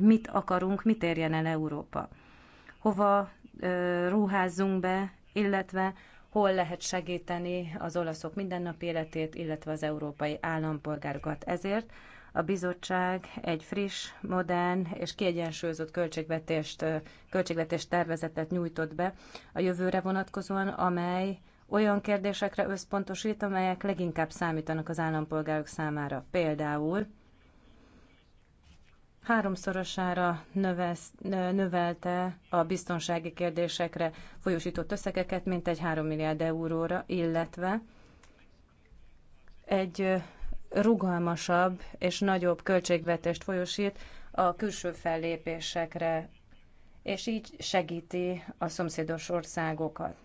mit akarunk, mit érjen el Európa. Hova ruházzunk be, illetve hol lehet segíteni az olaszok mindennapi életét, illetve az európai állampolgárokat. Ezért a bizottság egy friss, modern és kiegyensúlyozott költségvetést, költségvetést tervezetet nyújtott be a jövőre vonatkozóan, amely olyan kérdésekre összpontosít, amelyek leginkább számítanak az állampolgárok számára. Például háromszorosára növesz, növelte a biztonsági kérdésekre folyósított összegeket, mint egy 3 milliárd euróra, illetve egy rugalmasabb és nagyobb költségvetést folyosít a külső fellépésekre, és így segíti a szomszédos országokat.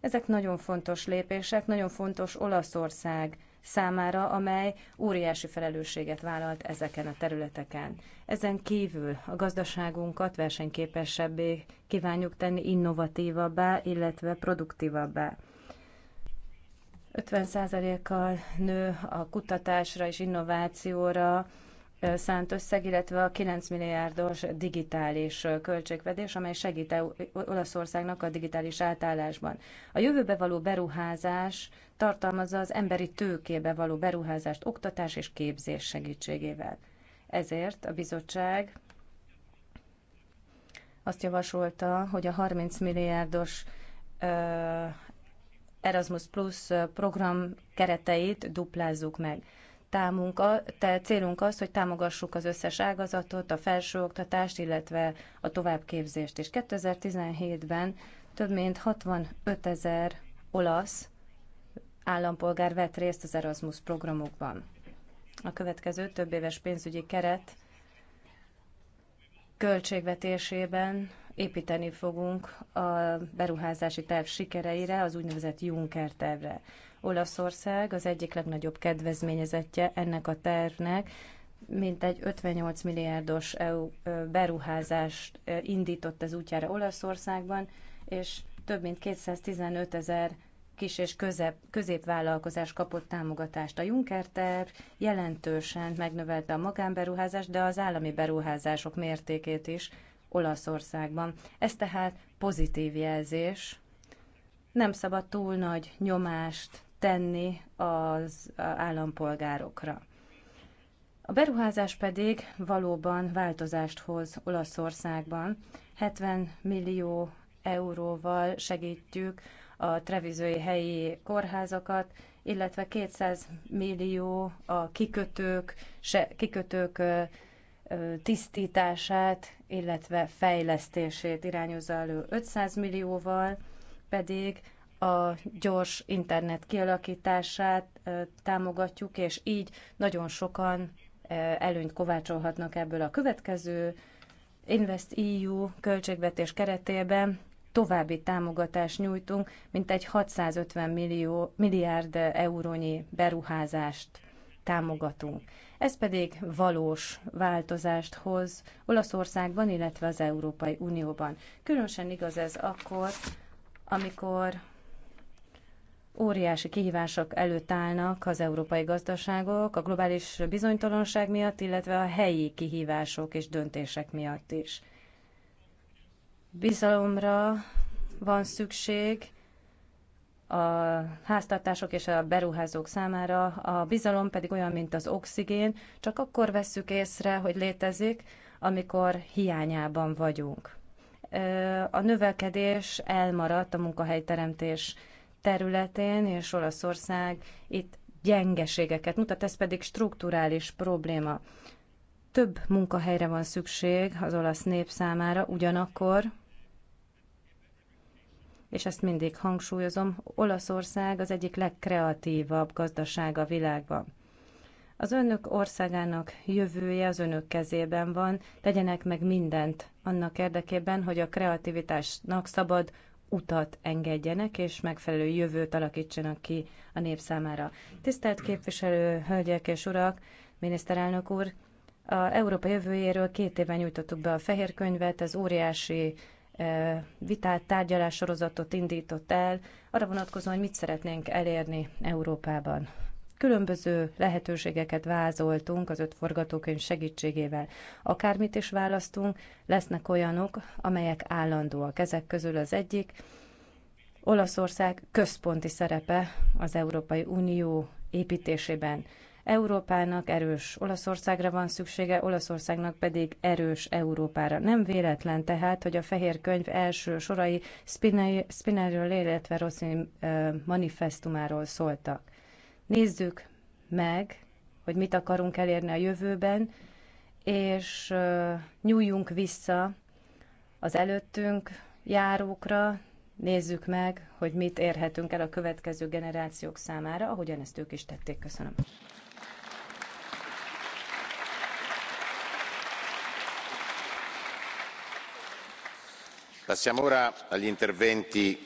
Ezek nagyon fontos lépések, nagyon fontos Olaszország számára, amely óriási felelősséget vállalt ezeken a területeken. Ezen kívül a gazdaságunkat versenyképesebbé kívánjuk tenni innovatívabbá, illetve produktívabbá. 50%-kal nő a kutatásra és innovációra szánt összeg, illetve a 9 milliárdos digitális költségvetés, amely segít e Olaszországnak a digitális átállásban. A jövőbe való beruházás tartalmazza az emberi tőkébe való beruházást oktatás és képzés segítségével. Ezért a bizottság azt javasolta, hogy a 30 milliárdos Erasmus Plus program kereteit duplázzuk meg támunk a, te, célunk az, hogy támogassuk az összes ágazatot, a felsőoktatást, illetve a továbbképzést. És 2017-ben több mint 65 ezer olasz állampolgár vett részt az Erasmus programokban. A következő több éves pénzügyi keret költségvetésében építeni fogunk a beruházási terv sikereire, az úgynevezett Juncker tervre. Olaszország az egyik legnagyobb kedvezményezettje ennek a tervnek, mintegy 58 milliárdos EU beruházást indított az útjára Olaszországban, és több mint 215 ezer kis és közep, középvállalkozás kapott támogatást. A Juncker terv jelentősen megnövelte a magánberuházást, de az állami beruházások mértékét is Olaszországban. Ez tehát pozitív jelzés. Nem szabad túl nagy nyomást tenni az állampolgárokra. A beruházás pedig valóban változást hoz Olaszországban. 70 millió euróval segítjük a trevizői helyi kórházakat, illetve 200 millió a kikötők, se, kikötők tisztítását, illetve fejlesztését irányozza elő 500 millióval, pedig a gyors internet kialakítását támogatjuk, és így nagyon sokan előnyt kovácsolhatnak ebből a következő Invest EU költségvetés keretében további támogatást nyújtunk, mint egy 650 millió, milliárd eurónyi beruházást támogatunk. Ez pedig valós változást hoz Olaszországban, illetve az Európai Unióban. Különösen igaz ez akkor, amikor óriási kihívások előtt állnak az európai gazdaságok, a globális bizonytalanság miatt, illetve a helyi kihívások és döntések miatt is. Bizalomra van szükség a háztartások és a beruházók számára, a bizalom pedig olyan, mint az oxigén, csak akkor vesszük észre, hogy létezik, amikor hiányában vagyunk. A növekedés elmaradt a munkahelyteremtés teremtés területén, és Olaszország itt gyengeségeket mutat, ez pedig strukturális probléma. Több munkahelyre van szükség az olasz nép számára, ugyanakkor, és ezt mindig hangsúlyozom, Olaszország az egyik legkreatívabb gazdaság a világban. Az önök országának jövője az önök kezében van, tegyenek meg mindent annak érdekében, hogy a kreativitásnak szabad utat engedjenek, és megfelelő jövőt alakítsanak ki a nép számára. Tisztelt képviselő, hölgyek és urak, miniszterelnök úr, a Európa jövőjéről két éve nyújtottuk be a fehér könyvet, ez óriási e, vitát, tárgyalássorozatot indított el, arra vonatkozóan, hogy mit szeretnénk elérni Európában. Különböző lehetőségeket vázoltunk az öt forgatókönyv segítségével. Akármit is választunk, lesznek olyanok, amelyek állandóak. Ezek közül az egyik, Olaszország központi szerepe az Európai Unió építésében. Európának erős Olaszországra van szüksége, Olaszországnak pedig erős Európára. Nem véletlen tehát, hogy a fehér könyv első sorai Spinelliről, illetve Rossi manifestumáról szóltak. Nézzük meg, hogy mit akarunk elérni a jövőben, és nyúljunk vissza az előttünk járókra, nézzük meg, hogy mit érhetünk el a következő generációk számára, ahogyan ezt ők is tették. Köszönöm. Passiamo ora agli interventi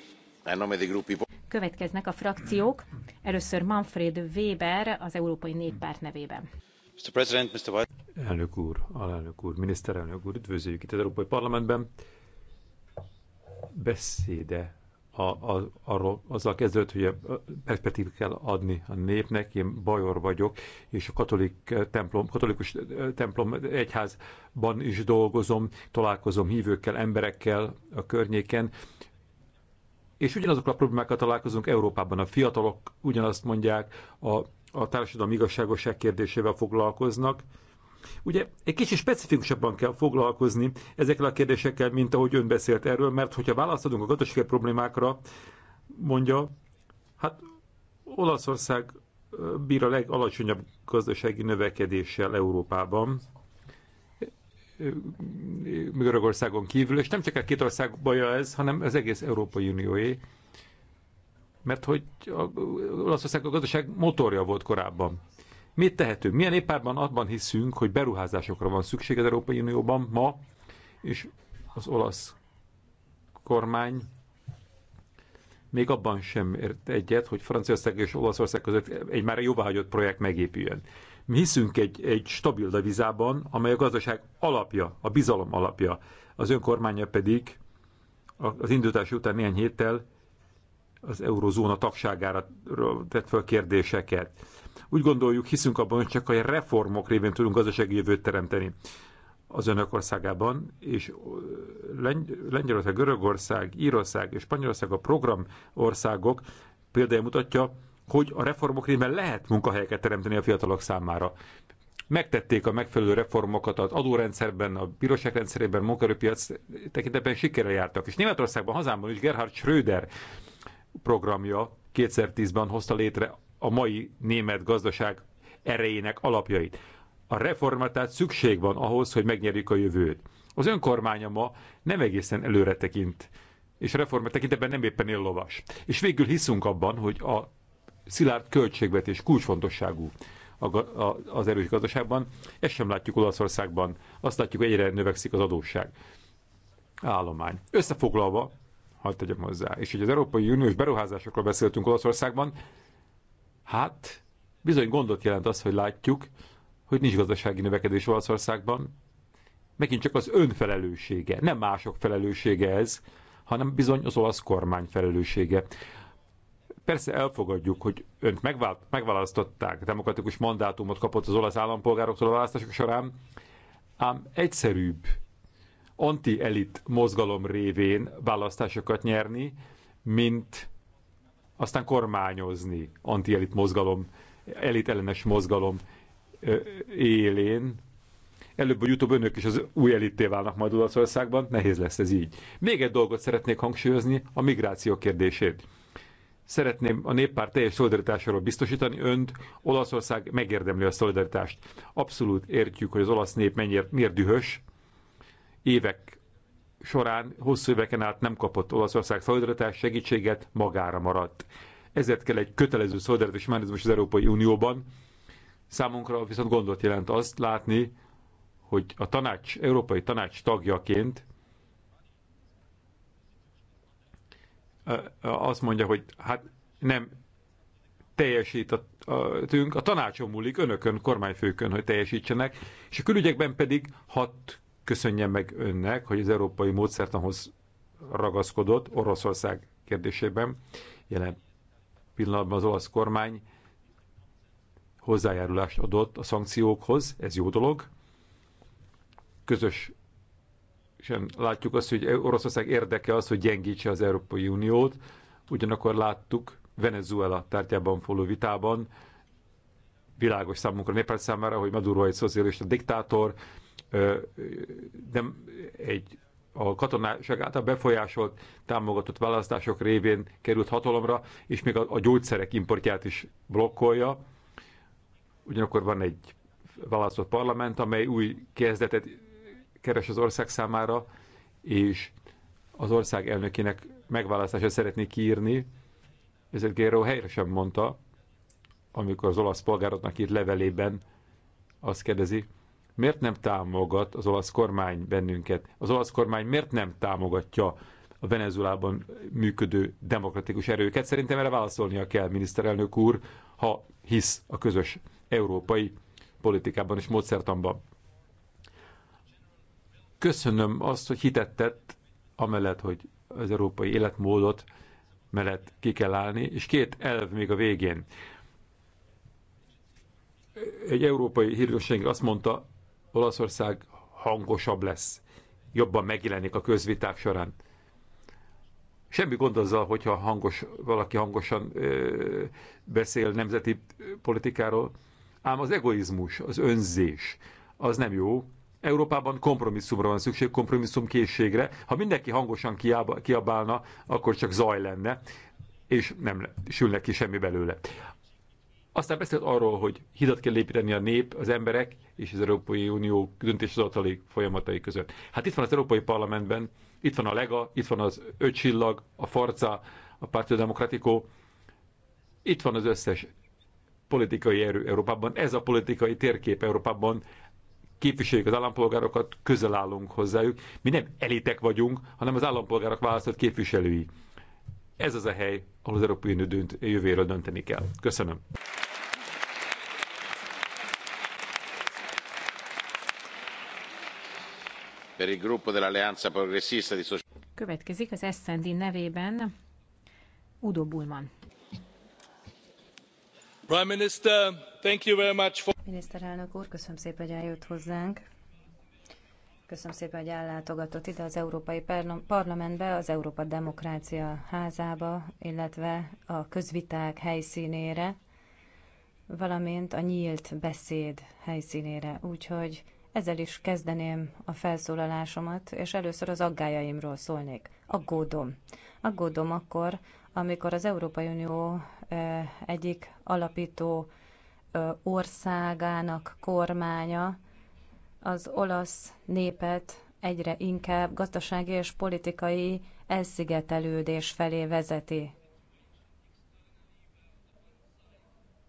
a nome dei gruppi. Következnek a frakciók. Először Manfred Weber az Európai Néppárt nevében. Mr. President, Mr. White. Elnök úr, alelnök úr, miniszterelnök úr, üdvözöljük itt az Európai Parlamentben. Beszéde a, a, arról, azzal kezdődött, hogy a perspektívát kell adni a népnek, én bajor vagyok, és a katolik eh, templom, katolikus eh, templom egyházban is dolgozom, találkozom hívőkkel, emberekkel a környéken, és ugyanazokkal a problémákkal találkozunk Európában. A fiatalok ugyanazt mondják, a, a társadalmi igazságosság kérdésével foglalkoznak. Ugye egy kicsit specifikusabban kell foglalkozni ezekkel a kérdésekkel, mint ahogy ön beszélt erről, mert hogyha választ adunk a gazdasági problémákra, mondja, hát Olaszország bír a legalacsonyabb gazdasági növekedéssel Európában. Görögországon kívül, és nem csak a két ország baja ez, hanem az egész Európai Unióé. Mert hogy a, Olaszország a gazdaság motorja volt korábban. Mit tehetünk? Milyen éppárban abban hiszünk, hogy beruházásokra van szükség az Európai Unióban ma, és az olasz kormány még abban sem ért egyet, hogy Franciaország és Olaszország között egy már jóváhagyott projekt megépüljön. Mi hiszünk egy, egy stabil devizában, amely a gazdaság alapja, a bizalom alapja. Az önkormánya pedig az indítás után néhány héttel az eurozóna tagságára tett fel kérdéseket. Úgy gondoljuk, hiszünk abban, hogy csak a reformok révén tudunk gazdasági jövőt teremteni az önök országában, és Lengyelország, Görögország, Írország és Spanyolország a program országok példája mutatja, hogy a reformok révén lehet munkahelyeket teremteni a fiatalok számára. Megtették a megfelelő reformokat az adórendszerben, a bíróság rendszerében, munkaerőpiac tekintetben sikerrel jártak. És Németországban, hazámban is Gerhard Schröder programja 2010-ben hozta létre a mai német gazdaság erejének alapjait. A reformra tehát szükség van ahhoz, hogy megnyerjük a jövőt. Az önkormánya ma nem egészen előre tekint, és reforma tekintetben nem éppen él lovas. És végül hiszünk abban, hogy a szilárd költségvetés kulcsfontosságú az erős gazdaságban. Ezt sem látjuk Olaszországban. Azt látjuk, hogy egyre növekszik az adósság állomány. Összefoglalva, hadd tegyem hozzá, és hogy az Európai Uniós beruházásokról beszéltünk Olaszországban, hát bizony gondot jelent az, hogy látjuk, hogy nincs gazdasági növekedés Olaszországban. Megint csak az önfelelősége, nem mások felelőssége ez, hanem bizony az olasz kormány felelőssége. Persze elfogadjuk, hogy önt megvált, megválasztották, demokratikus mandátumot kapott az olasz állampolgároktól a választások során, ám egyszerűbb anti-elit mozgalom révén választásokat nyerni, mint aztán kormányozni anti-elit mozgalom, elitellenes mozgalom élén. Előbb vagy utóbb önök is az új elitté válnak majd Olaszországban, nehéz lesz ez így. Még egy dolgot szeretnék hangsúlyozni, a migráció kérdését. Szeretném a néppárt teljes szolidaritásáról biztosítani önt. Olaszország megérdemli a szolidaritást. Abszolút értjük, hogy az olasz nép mennyire, miért dühös. Évek során, hosszú éveken át nem kapott Olaszország szolidaritás segítséget, magára maradt. Ezért kell egy kötelező szolidaritás mechanizmus az Európai Unióban. Számunkra viszont gondot jelent azt látni, hogy a tanács, Európai Tanács tagjaként azt mondja, hogy hát nem teljesít a, a tünk, a tanácson múlik, önökön, kormányfőkön, hogy teljesítsenek, és a külügyekben pedig hat köszönjem meg önnek, hogy az európai módszertanhoz ragaszkodott Oroszország kérdésében. Jelen pillanatban az olasz kormány hozzájárulást adott a szankciókhoz, ez jó dolog. Közös sem látjuk azt, hogy Oroszország érdeke az, hogy gyengítse az Európai Uniót. Ugyanakkor láttuk Venezuela tárgyában folyó vitában, világos számunkra, Népel számára, hogy Maduro egy szocialista diktátor, de egy a katonáság által befolyásolt, támogatott választások révén került hatalomra, és még a, a gyógyszerek importját is blokkolja. Ugyanakkor van egy választott parlament, amely új kezdetet keres az ország számára, és az ország elnökének megválasztását szeretné kiírni. Ezért Gero helyre sem mondta, amikor az olasz polgároknak írt levelében azt kérdezi, miért nem támogat az olasz kormány bennünket? Az olasz kormány miért nem támogatja a Venezuelában működő demokratikus erőket? Szerintem erre válaszolnia kell, miniszterelnök úr, ha hisz a közös európai politikában és módszertanban. Köszönöm azt, hogy hitet tett, amellett, hogy az európai életmódot mellett ki kell állni, és két elv még a végén. Egy európai hírőség azt mondta, Olaszország hangosabb lesz, jobban megjelenik a közviták során. Semmi gond azzal, hogyha hangos, valaki hangosan ö, beszél nemzeti politikáról, ám az egoizmus, az önzés, az nem jó, Európában kompromisszumra van szükség, kompromisszumkészségre. Ha mindenki hangosan kiabálna, akkor csak zaj lenne, és nem sülne ki semmi belőle. Aztán beszélt arról, hogy hidat kell építeni a nép, az emberek és az Európai Unió döntéshozatali folyamatai között. Hát itt van az Európai Parlamentben, itt van a Lega, itt van az Öcsillag, a Farca, a Pártő Demokratikó, itt van az összes politikai erő Európában. Ez a politikai térkép Európában képviseljük az állampolgárokat, közel állunk hozzájuk. Mi nem elitek vagyunk, hanem az állampolgárok választott képviselői. Ez az a hely, ahol az Európai Unió dönt, jövőjéről dönteni kell. Köszönöm. Következik az SZND nevében Udo Bullman. Prime Minister, Miniszterelnök úr, köszönöm szépen, hogy eljött hozzánk. Köszönöm szépen, hogy ellátogatott ide az Európai Parlamentbe, az Európa Demokrácia házába, illetve a közviták helyszínére, valamint a nyílt beszéd helyszínére. Úgyhogy ezzel is kezdeném a felszólalásomat, és először az aggájaimról szólnék. Aggódom. Aggódom akkor, amikor az Európai Unió eh, egyik alapító országának kormánya az olasz népet egyre inkább gazdasági és politikai elszigetelődés felé vezeti.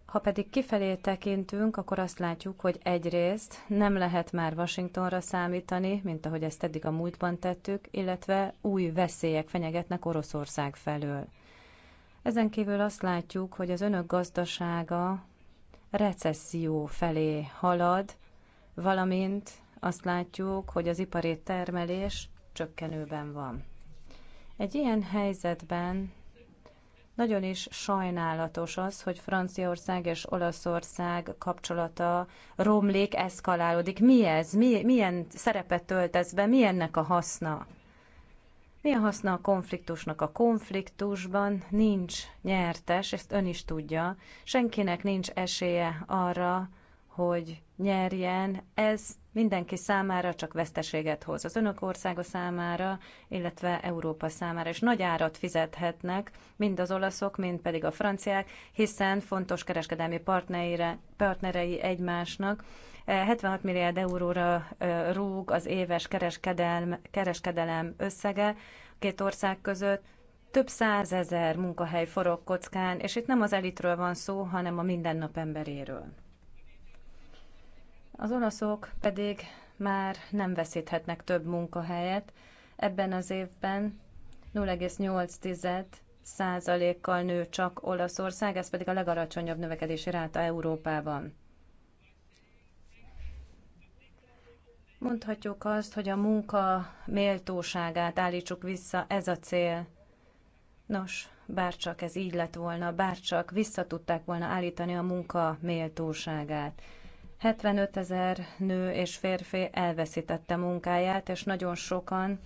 Ha pedig kifelé tekintünk, akkor azt látjuk, hogy egyrészt nem lehet már Washingtonra számítani, mint ahogy ezt eddig a múltban tettük, illetve új veszélyek fenyegetnek Oroszország felől. Ezen kívül azt látjuk, hogy az önök gazdasága recesszió felé halad, valamint azt látjuk, hogy az ipari termelés csökkenőben van. Egy ilyen helyzetben nagyon is sajnálatos az, hogy Franciaország és Olaszország kapcsolata romlik, eszkalálódik. Mi ez? Mi, milyen szerepet tölt ez be? Mi ennek a haszna? Mi a haszna a konfliktusnak? A konfliktusban nincs nyertes, ezt ön is tudja. Senkinek nincs esélye arra, hogy nyerjen, ez mindenki számára csak veszteséget hoz. Az önök országa számára, illetve Európa számára, és nagy árat fizethetnek, mind az olaszok, mind pedig a franciák, hiszen fontos kereskedelmi partnereire, partnerei egymásnak. Eh, 76 milliárd euróra eh, rúg az éves kereskedelm, kereskedelem összege két ország között, több százezer munkahely forog kockán, és itt nem az elitről van szó, hanem a mindennap emberéről. Az olaszok pedig már nem veszíthetnek több munkahelyet. Ebben az évben 0,8 százalékkal nő csak Olaszország, ez pedig a legalacsonyabb növekedési ráta Európában. Mondhatjuk azt, hogy a munka méltóságát állítsuk vissza, ez a cél. Nos, bárcsak ez így lett volna, bárcsak vissza tudták volna állítani a munka méltóságát. 75 ezer nő és férfi elveszítette munkáját, és nagyon sokan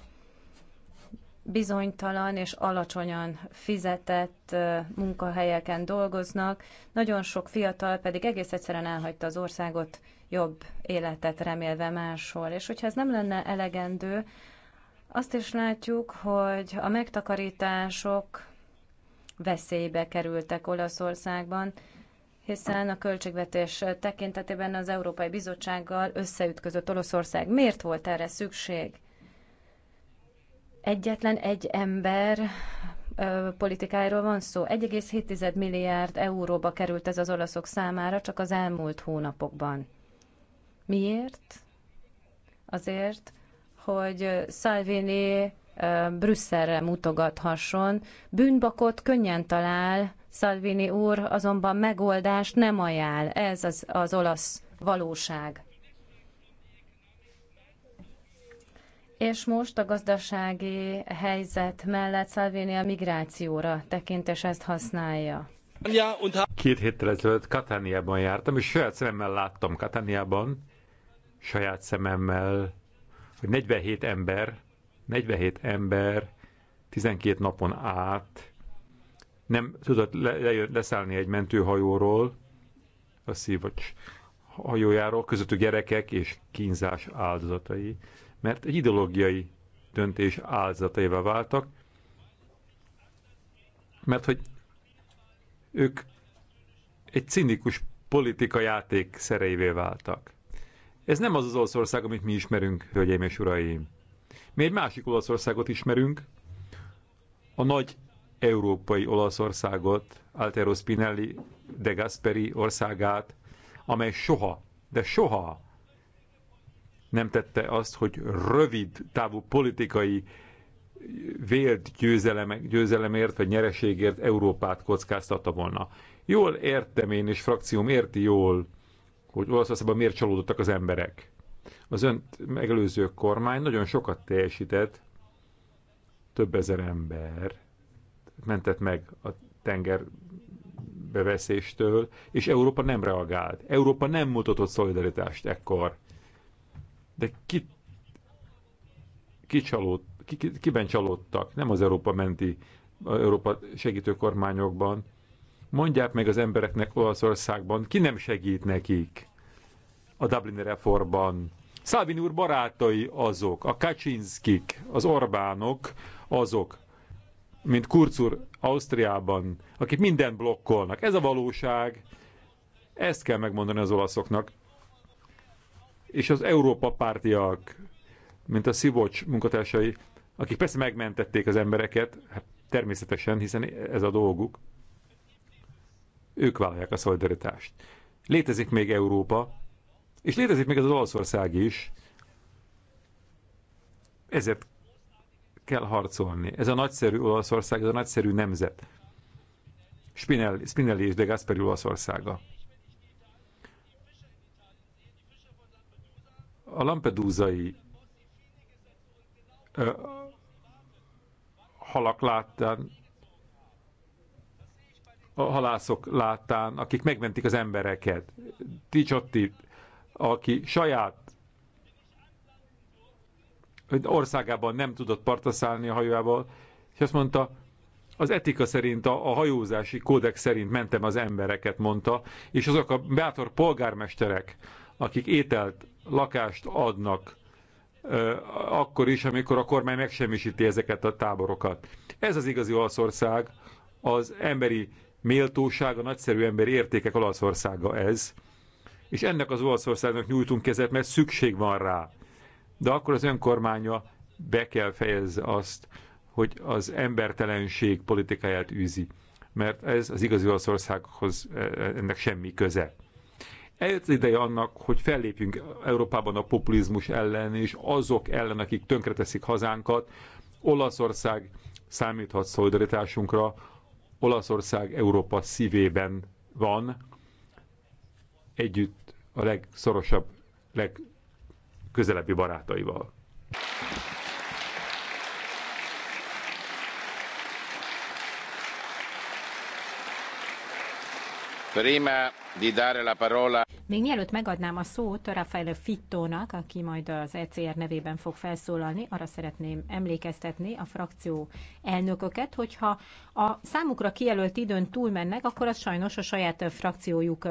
bizonytalan és alacsonyan fizetett munkahelyeken dolgoznak, nagyon sok fiatal pedig egész egyszerűen elhagyta az országot jobb életet remélve máshol. És hogyha ez nem lenne elegendő, azt is látjuk, hogy a megtakarítások veszélybe kerültek Olaszországban, hiszen a költségvetés tekintetében az Európai Bizottsággal összeütközött Oroszország. Miért volt erre szükség? Egyetlen egy ember politikáiról van szó. 1,7 milliárd euróba került ez az olaszok számára csak az elmúlt hónapokban. Miért? Azért, hogy Salvini Brüsszelre mutogathasson. Bűnbakot könnyen talál Salvini úr azonban megoldást nem ajánl. Ez az, az olasz valóság. És most a gazdasági helyzet mellett Salvini a migrációra tekint, és ezt használja. Két héttel ezelőtt Katániában jártam, és saját szememmel láttam Katániában, saját szememmel, hogy 47 ember, 47 ember 12 napon át nem tudott le, le, leszállni egy mentőhajóról, a szívacs hajójáról, közöttük gyerekek és kínzás áldozatai, mert egy ideológiai döntés áldozataival váltak, mert hogy ők egy cinikus politika játék szereivé váltak. Ez nem az az ország, amit mi ismerünk, hölgyeim és uraim. Mi egy másik Olaszországot ismerünk, a nagy európai Olaszországot, Altero Spinelli de Gasperi országát, amely soha, de soha nem tette azt, hogy rövid távú politikai vélt győzelemért vagy nyereségért Európát kockáztatta volna. Jól értem én, és frakcióm érti jól, hogy Olaszországban miért csalódottak az emberek. Az önt megelőző kormány nagyon sokat teljesített, több ezer ember mentett meg a tenger beveszéstől, és Európa nem reagált. Európa nem mutatott szolidaritást ekkor. De ki, csalód, ki, ki, kiben csalódtak? Nem az Európa menti, az Európa segítő kormányokban. Mondják meg az embereknek Olaszországban, ki nem segít nekik a Dublini reformban. Salvini úr barátai azok, a Kaczynskik, az Orbánok azok, mint Kurzur Ausztriában, akik minden blokkolnak. Ez a valóság, ezt kell megmondani az olaszoknak. És az Európa pártiak, mint a Szivocs munkatársai, akik persze megmentették az embereket, hát természetesen, hiszen ez a dolguk. Ők vállalják a szolidaritást. Létezik még Európa, és létezik még az Olaszország is. Ezért kell harcolni. Ez a nagyszerű Olaszország, ez a nagyszerű nemzet. Spinelli, Spinelli és de Gasperi Olaszországa. A Lampedúzai halak láttán, a halászok láttán, akik megmentik az embereket. Ticsotti, aki saját országában nem tudott partra szállni a hajójával, és azt mondta, az etika szerint, a, a hajózási kódex szerint mentem az embereket, mondta, és azok a bátor polgármesterek, akik ételt, lakást adnak, akkor is, amikor a kormány megsemmisíti ezeket a táborokat. Ez az igazi Olaszország, az emberi méltóság, a nagyszerű emberi értékek Olaszországa ez. És ennek az Olaszországnak nyújtunk kezet, mert szükség van rá de akkor az önkormánya be kell fejezze azt, hogy az embertelenség politikáját űzi, mert ez az igazi Olaszországhoz e, e, ennek semmi köze. Eljött ideje annak, hogy fellépjünk Európában a populizmus ellen, és azok ellen, akik tönkreteszik hazánkat. Olaszország számíthat szolidaritásunkra, Olaszország Európa szívében van, együtt a legszorosabb, leg közelebbi barátaival. Prima di dare la parola... Még mielőtt megadnám a szót Rafael Fittónak, aki majd az ECR nevében fog felszólalni, arra szeretném emlékeztetni a frakció elnököket, hogyha a számukra kijelölt időn túlmennek, akkor az sajnos a saját frakciójuk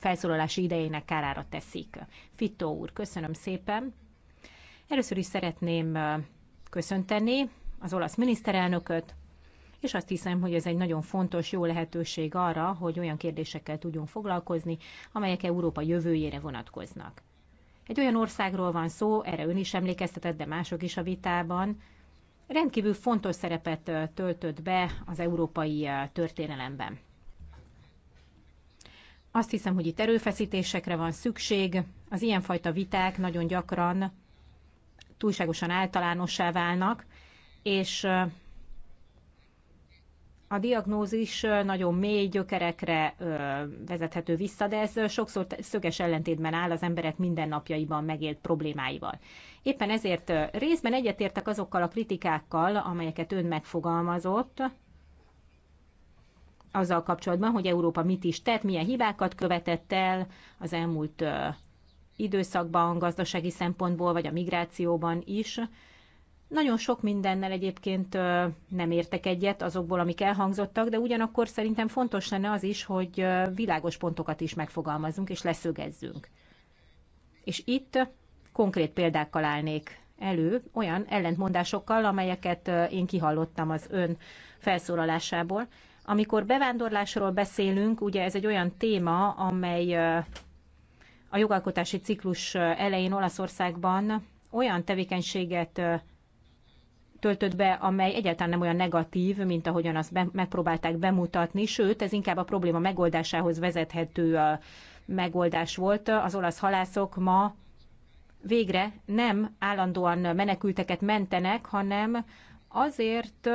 felszólalási idejének kárára teszik. Fittó úr, köszönöm szépen. Először is szeretném köszönteni az olasz miniszterelnököt, és azt hiszem, hogy ez egy nagyon fontos, jó lehetőség arra, hogy olyan kérdésekkel tudjunk foglalkozni, amelyek Európa jövőjére vonatkoznak. Egy olyan országról van szó, erre ön is emlékeztetett, de mások is a vitában, rendkívül fontos szerepet töltött be az európai történelemben. Azt hiszem, hogy itt erőfeszítésekre van szükség. Az ilyenfajta viták nagyon gyakran túlságosan általánossá válnak, és a diagnózis nagyon mély gyökerekre vezethető vissza, de ez sokszor szöges ellentétben áll az emberek mindennapjaiban megélt problémáival. Éppen ezért részben egyetértek azokkal a kritikákkal, amelyeket ön megfogalmazott, azzal kapcsolatban, hogy Európa mit is tett, milyen hibákat követett el az elmúlt időszakban, gazdasági szempontból, vagy a migrációban is. Nagyon sok mindennel egyébként nem értek egyet azokból, amik elhangzottak, de ugyanakkor szerintem fontos lenne az is, hogy világos pontokat is megfogalmazunk és leszögezzünk. És itt konkrét példákkal állnék elő olyan ellentmondásokkal, amelyeket én kihallottam az ön felszólalásából. Amikor bevándorlásról beszélünk, ugye ez egy olyan téma, amely a jogalkotási ciklus elején Olaszországban olyan tevékenységet töltött be, amely egyáltalán nem olyan negatív, mint ahogyan azt be, megpróbálták bemutatni, sőt, ez inkább a probléma megoldásához vezethető a megoldás volt. Az olasz halászok ma végre nem állandóan menekülteket mentenek, hanem azért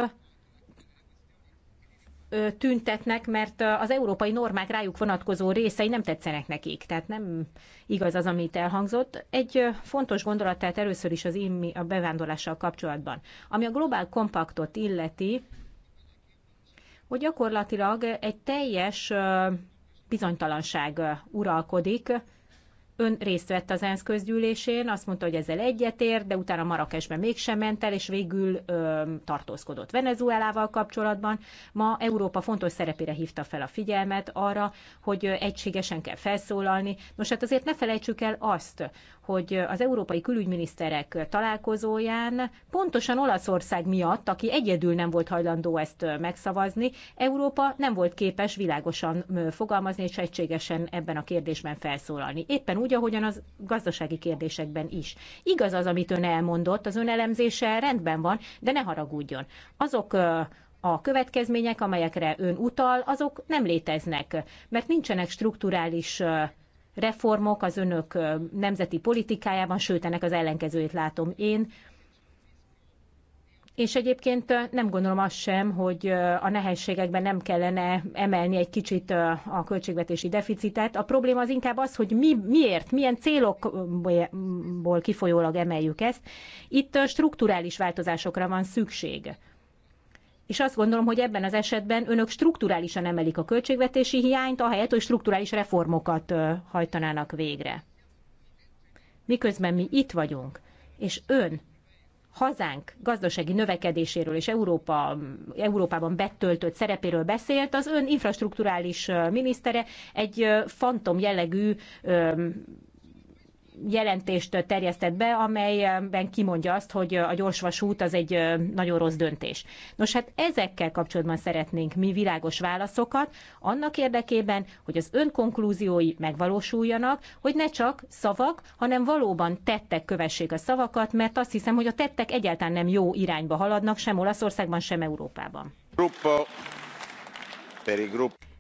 tüntetnek, mert az európai normák rájuk vonatkozó részei nem tetszenek nekik. Tehát nem igaz az, amit elhangzott. Egy fontos gondolat, tehát először is az immi, a bevándorlással kapcsolatban. Ami a globál kompaktot illeti, hogy gyakorlatilag egy teljes bizonytalanság uralkodik, Ön részt vett az ENSZ közgyűlésén, azt mondta, hogy ezzel egyetért, de utána Marrakesbe mégsem ment el, és végül ö, tartózkodott Venezuelával kapcsolatban. Ma Európa fontos szerepére hívta fel a figyelmet arra, hogy egységesen kell felszólalni. Nos, hát azért ne felejtsük el azt, hogy az európai külügyminiszterek találkozóján pontosan Olaszország miatt, aki egyedül nem volt hajlandó ezt megszavazni, Európa nem volt képes világosan fogalmazni és egységesen ebben a kérdésben felszólalni. Éppen úgy, ahogyan az gazdasági kérdésekben is. Igaz az, amit ön elmondott, az ön elemzése rendben van, de ne haragudjon. Azok a következmények, amelyekre ön utal, azok nem léteznek, mert nincsenek strukturális reformok az önök nemzeti politikájában, sőt ennek az ellenkezőjét látom én. És egyébként nem gondolom azt sem, hogy a nehézségekben nem kellene emelni egy kicsit a költségvetési deficitet. A probléma az inkább az, hogy mi, miért, milyen célokból kifolyólag emeljük ezt. Itt strukturális változásokra van szükség és azt gondolom, hogy ebben az esetben önök strukturálisan emelik a költségvetési hiányt, ahelyett, hogy strukturális reformokat hajtanának végre. Miközben mi itt vagyunk, és ön hazánk gazdasági növekedéséről és Európa, Európában betöltött szerepéről beszélt, az ön infrastruktúrális minisztere egy fantom jellegű jelentést terjesztett be, amelyben kimondja azt, hogy a gyorsvasút az egy nagyon rossz döntés. Nos, hát ezekkel kapcsolatban szeretnénk mi világos válaszokat, annak érdekében, hogy az önkonklúziói megvalósuljanak, hogy ne csak szavak, hanem valóban tettek kövessék a szavakat, mert azt hiszem, hogy a tettek egyáltalán nem jó irányba haladnak, sem Olaszországban, sem Európában. Gruppo.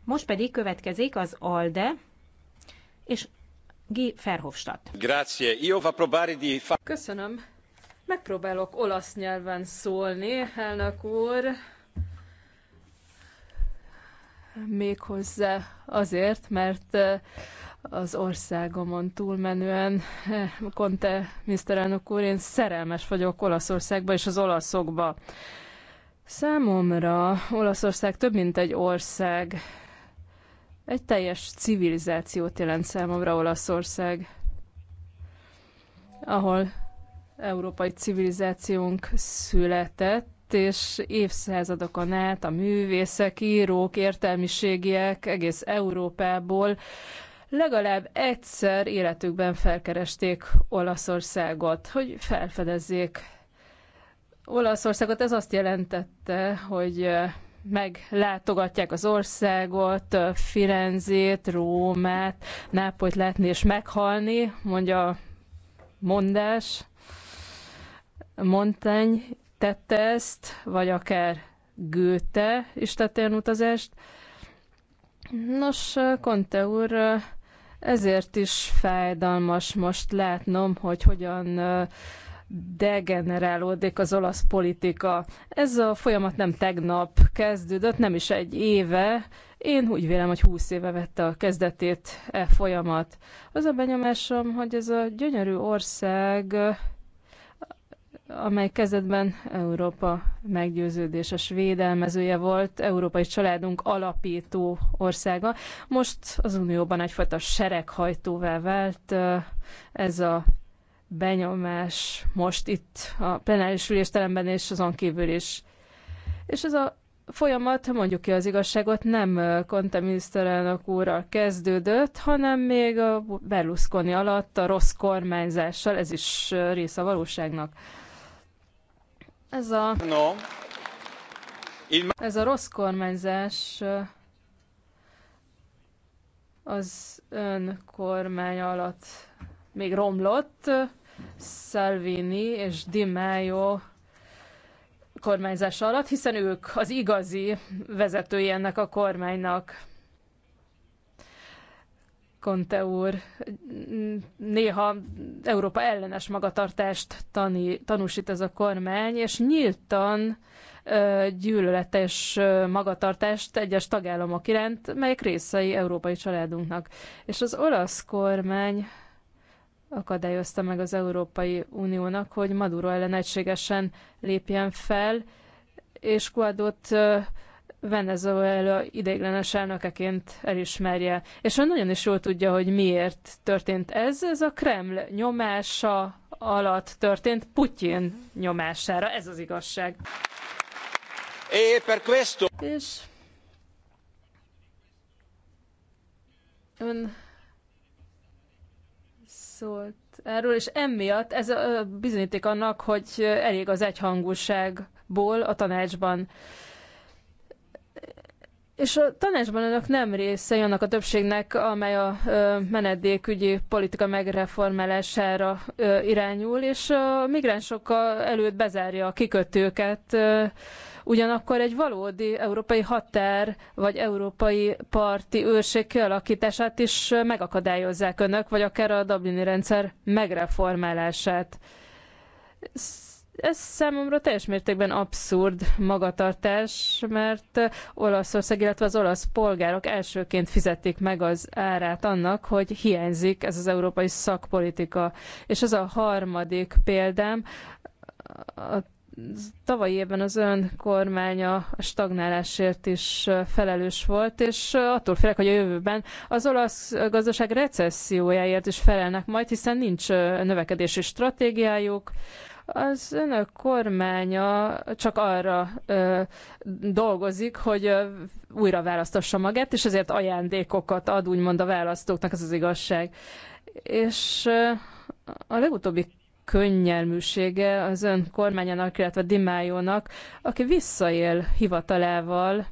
Most pedig következik az ALDE, és Guy Verhofstadt. Grazie. Köszönöm. Megpróbálok olasz nyelven szólni, elnök úr. Méghozzá azért, mert eh, az országomon túlmenően, eh, Conte miniszterelnök úr, én szerelmes vagyok Olaszországba és az olaszokba. Számomra Olaszország több mint egy ország, egy teljes civilizációt jelent számomra Olaszország, ahol európai civilizációnk született, és évszázadokon át a művészek, írók, értelmiségiek egész Európából legalább egyszer életükben felkeresték Olaszországot, hogy felfedezzék Olaszországot. Ez azt jelentette, hogy meglátogatják az országot, Firenzét, Rómát, Nápolyt látni és meghalni, mondja mondás. Montaigne tette ezt, vagy akár Gőte is tette ilyen utazást. Nos, Conte úr, ezért is fájdalmas most látnom, hogy hogyan degenerálódik az olasz politika. Ez a folyamat nem tegnap kezdődött, nem is egy éve. Én úgy vélem, hogy húsz éve vette a kezdetét e folyamat. Az a benyomásom, hogy ez a gyönyörű ország amely kezdetben Európa meggyőződéses védelmezője volt, európai családunk alapító országa. Most az Unióban egyfajta sereghajtóvá vált ez a benyomás most itt a plenáris ülésteremben és azon kívül is. És ez a folyamat, mondjuk ki az igazságot, nem Conte miniszterelnök úrral kezdődött, hanem még a Berlusconi alatt a rossz kormányzással, ez is része a valóságnak. Ez a, no. ez a rossz kormányzás az ön kormány alatt még romlott, Salvini és Di Maio kormányzása alatt, hiszen ők az igazi vezetői ennek a kormánynak. Conte úr néha Európa ellenes magatartást tani, tanúsít ez a kormány, és nyíltan gyűlöletes magatartást egyes tagállamok iránt, melyek részei európai családunknak. És az olasz kormány akadályozta meg az Európai Uniónak, hogy Maduro ellen egységesen lépjen fel, és Guadót Venezuela ideiglenes elnökeként elismerje. És ő nagyon is jól tudja, hogy miért történt ez. Ez a Kreml nyomása alatt történt Putyin nyomására. Ez az igazság. E per questo... És ön szólt erről, és emiatt ez a bizonyíték annak, hogy elég az egyhangúságból a tanácsban. És a tanácsban önök nem része annak a többségnek, amely a menedékügyi politika megreformálására irányul, és a migránsokkal előtt bezárja a kikötőket, Ugyanakkor egy valódi európai határ vagy európai parti őrség kialakítását is megakadályozzák önök, vagy akár a Dublini rendszer megreformálását. Ez számomra teljes mértékben abszurd magatartás, mert Olaszország, illetve az olasz polgárok elsőként fizették meg az árát annak, hogy hiányzik ez az európai szakpolitika. És ez a harmadik példám, a tavalyi évben az ön kormánya a stagnálásért is felelős volt, és attól félek, hogy a jövőben az olasz gazdaság recessziójáért is felelnek majd, hiszen nincs növekedési stratégiájuk, az önök kormánya csak arra ö, dolgozik, hogy ö, újra választassa magát, és ezért ajándékokat ad úgymond a választóknak, ez az igazság. És ö, a legutóbbi könnyelműsége az ön kormányának, illetve Dimájónak, aki visszaél hivatalával,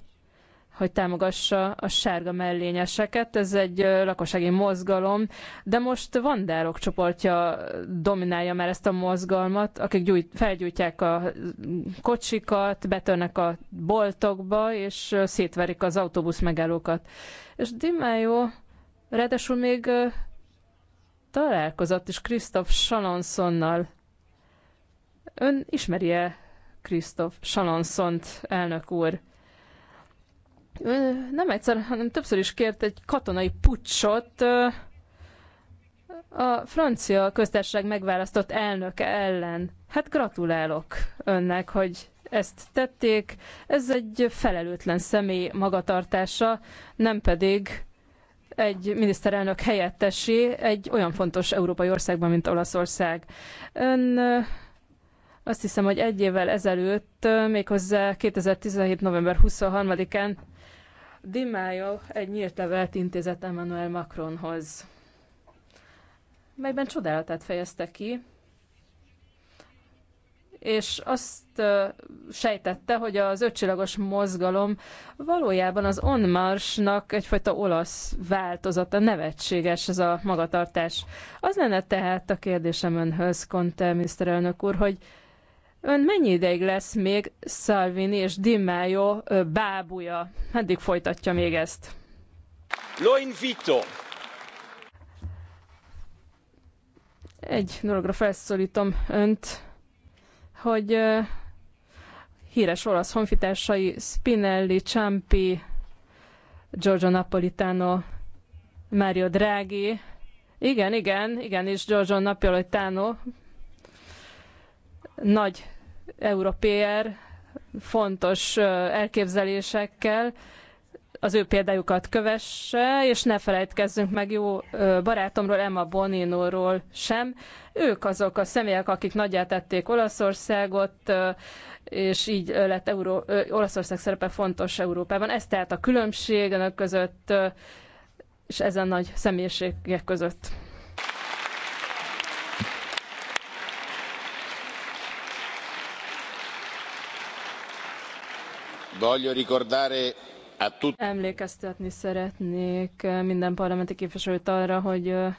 hogy támogassa a sárga mellényeseket. Ez egy lakossági mozgalom, de most vandárok csoportja dominálja már ezt a mozgalmat, akik gyújt, felgyújtják a kocsikat, betörnek a boltokba, és szétverik az autóbusz megállókat. És Dimájó ráadásul még találkozott is Christoph Salonsonnal. Ön ismeri-e Christoph Salonsont, elnök úr? Ön nem egyszer, hanem többször is kért egy katonai pucsot a francia köztársaság megválasztott elnöke ellen. Hát gratulálok önnek, hogy ezt tették. Ez egy felelőtlen személy magatartása, nem pedig egy miniszterelnök helyettesé egy olyan fontos európai országban, mint Olaszország. Ön azt hiszem, hogy egy évvel ezelőtt, méghozzá 2017. november 23-án Di Maio egy nyílt levelet intézett Emmanuel Macronhoz, melyben csodálatát fejezte ki, és azt sejtette, hogy az ötcsillagos mozgalom valójában az onmarsnak egyfajta olasz változata, nevetséges ez a magatartás. Az lenne tehát a kérdésem önhöz, Conte miniszterelnök úr, hogy Ön mennyi ideig lesz még Salvini és Di Maio bábúja? Meddig folytatja még ezt? Lo invito. Egy dologra felszólítom önt, hogy híres olasz honfitársai Spinelli, Ciampi, Giorgio Napolitano, Mario Draghi, igen, igen, igen, és Giorgio Napolitano, nagy európér, fontos elképzelésekkel, az ő példájukat kövesse, és ne felejtkezzünk meg jó barátomról, Emma Boninóról sem. Ők azok a személyek, akik nagyjátették Olaszországot, és így lett Euró- Olaszország szerepe fontos Európában. Ez tehát a különbség önök között, és ezen nagy személyiségek között. Voglio ricordare Hát Emlékeztetni szeretnék eh, minden parlamenti képviselőt arra, hogy eh,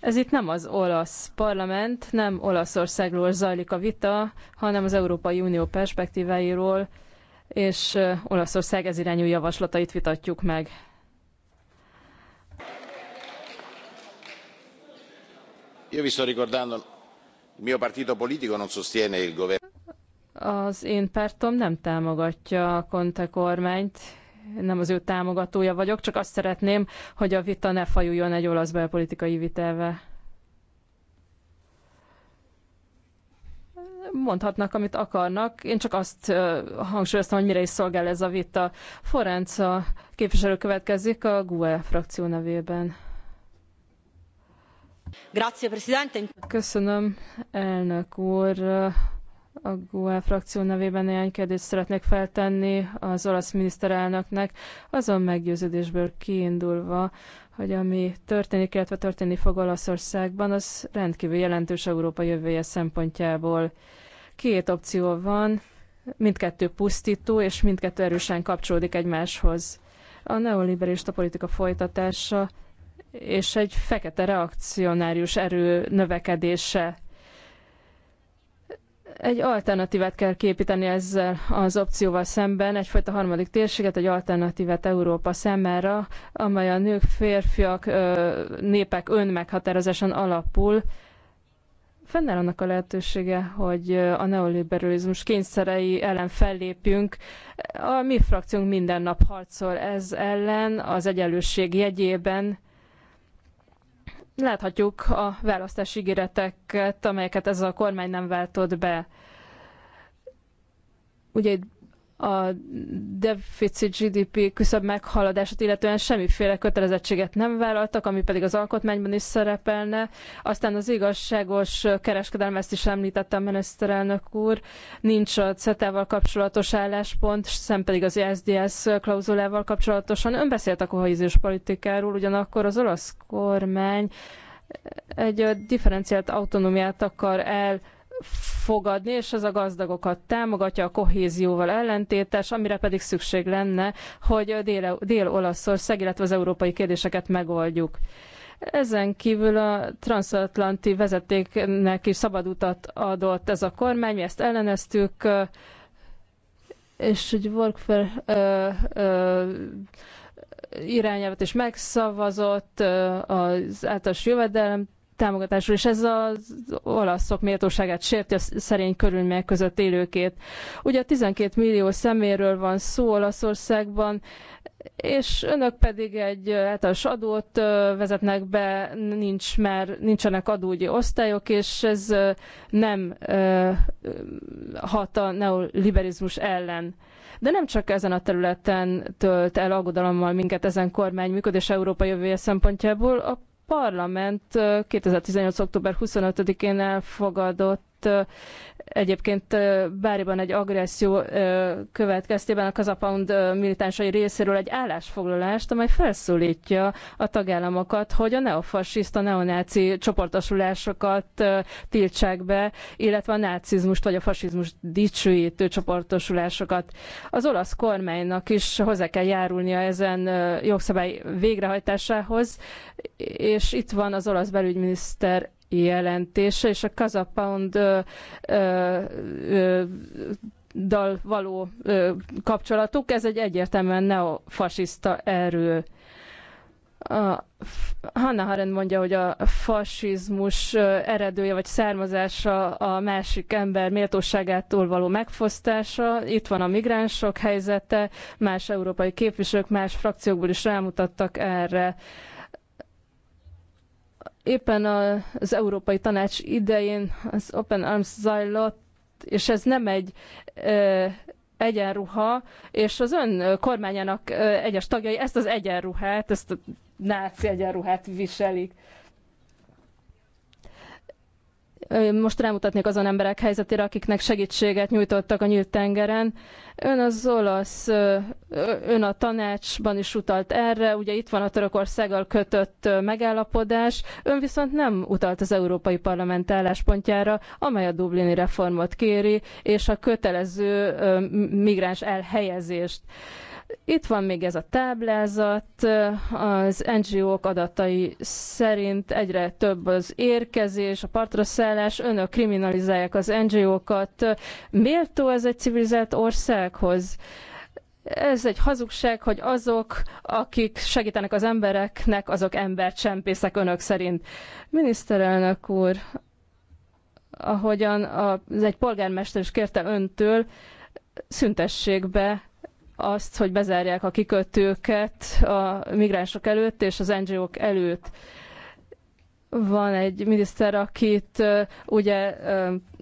ez itt nem az olasz parlament, nem Olaszországról zajlik a vita, hanem az Európai Unió perspektíváiról, és eh, Olaszország ez irányú javaslatait vitatjuk meg. Io vi sto ricordando, il mio partito politico non sostiene il governo. Az én pártom nem támogatja a Conte kormányt, nem az ő támogatója vagyok, csak azt szeretném, hogy a vita ne fajuljon egy olasz belpolitikai vitelve. mondhatnak, amit akarnak. Én csak azt hangsúlyoztam, hogy mire is szolgál ez a vita. Forenc a képviselő következik a GUE frakció nevében. Grazie, Presidente. Köszönöm, elnök úr. A GUE frakció nevében néhány kérdést szeretnék feltenni az olasz miniszterelnöknek, azon meggyőződésből kiindulva, hogy ami történik, illetve történni fog Olaszországban, az rendkívül jelentős Európa jövője szempontjából. Két opció van, mindkettő pusztító, és mindkettő erősen kapcsolódik egymáshoz. A neoliberista politika folytatása és egy fekete reakcionárius erő növekedése egy alternatívát kell képíteni ezzel az opcióval szemben, egyfajta harmadik térséget, egy alternatívet Európa számára, amely a nők, férfiak, népek önmeghatározáson alapul. Fennáll annak a lehetősége, hogy a neoliberalizmus kényszerei ellen fellépjünk. A mi frakciónk minden nap harcol ez ellen, az egyenlőség jegyében, Láthatjuk a választási ígéreteket, amelyeket ez a kormány nem váltott be. Ugye itt a deficit GDP küszöbb meghaladását illetően semmiféle kötelezettséget nem vállaltak, ami pedig az alkotmányban is szerepelne. Aztán az igazságos kereskedelme, ezt is említette a miniszterelnök úr, nincs a CETA-val kapcsolatos álláspont, sem pedig az SDS klauzulával kapcsolatosan. Ön beszélt a kohéziós politikáról, ugyanakkor az olasz kormány egy differenciált autonómiát akar el fogadni, és ez a gazdagokat támogatja, a kohézióval ellentétes, amire pedig szükség lenne, hogy Dél-Olaszország, illetve az európai kérdéseket megoldjuk. Ezen kívül a transatlanti vezetéknek is szabad utat adott ez a kormány, mi ezt elleneztük, és egy Workfer irányelvet is megszavazott az általános jövedelem támogatásról, és ez az olaszok méltóságát sérti a szerény körülmények között élőkét. Ugye 12 millió szeméről van szó Olaszországban, és önök pedig egy általános adót vezetnek be, nincs már, nincsenek adógyi osztályok, és ez nem hat a neoliberizmus ellen. De nem csak ezen a területen tölt el aggodalommal minket ezen kormány működés Európa jövője szempontjából, a parlament 2018. október 25-én elfogadott Egyébként Báriban egy agresszió következtében a Kazapound militánsai részéről egy állásfoglalást, amely felszólítja a tagállamokat, hogy a neofasiszta, neonáci csoportosulásokat tiltsák be, illetve a nácizmust vagy a fasizmus dicsőítő csoportosulásokat. Az olasz kormánynak is hozzá kell járulnia ezen jogszabály végrehajtásához, és itt van az olasz belügyminiszter jelentése, és a Kazapound dal való kapcsolatuk, ez egy egyértelműen neofasiszta erő. A Hannah Arendt mondja, hogy a fasizmus eredője vagy származása a másik ember méltóságától való megfosztása. Itt van a migránsok helyzete, más európai képviselők, más frakciókból is rámutattak erre. Éppen az Európai Tanács idején az Open Arms zajlott, és ez nem egy egyenruha, és az ön kormányának egyes tagjai ezt az egyenruhát, ezt a náci egyenruhát viselik. Most rámutatnék azon emberek helyzetére, akiknek segítséget nyújtottak a nyílt tengeren. Ön az olasz, ön a tanácsban is utalt erre, ugye itt van a Törökországgal kötött megállapodás, ön viszont nem utalt az Európai Parlament álláspontjára, amely a Dublini reformot kéri, és a kötelező migráns elhelyezést. Itt van még ez a táblázat, az NGO-k adatai szerint egyre több az érkezés, a partra szállás, önök kriminalizálják az NGO-kat. Méltó ez egy civilizált országhoz? Ez egy hazugság, hogy azok, akik segítenek az embereknek, azok embercsempészek önök szerint. Miniszterelnök úr, ahogyan az egy polgármester is kérte öntől, szüntessék be azt, hogy bezárják a kikötőket a migránsok előtt és az NGO-k előtt. Van egy miniszter, akit ugye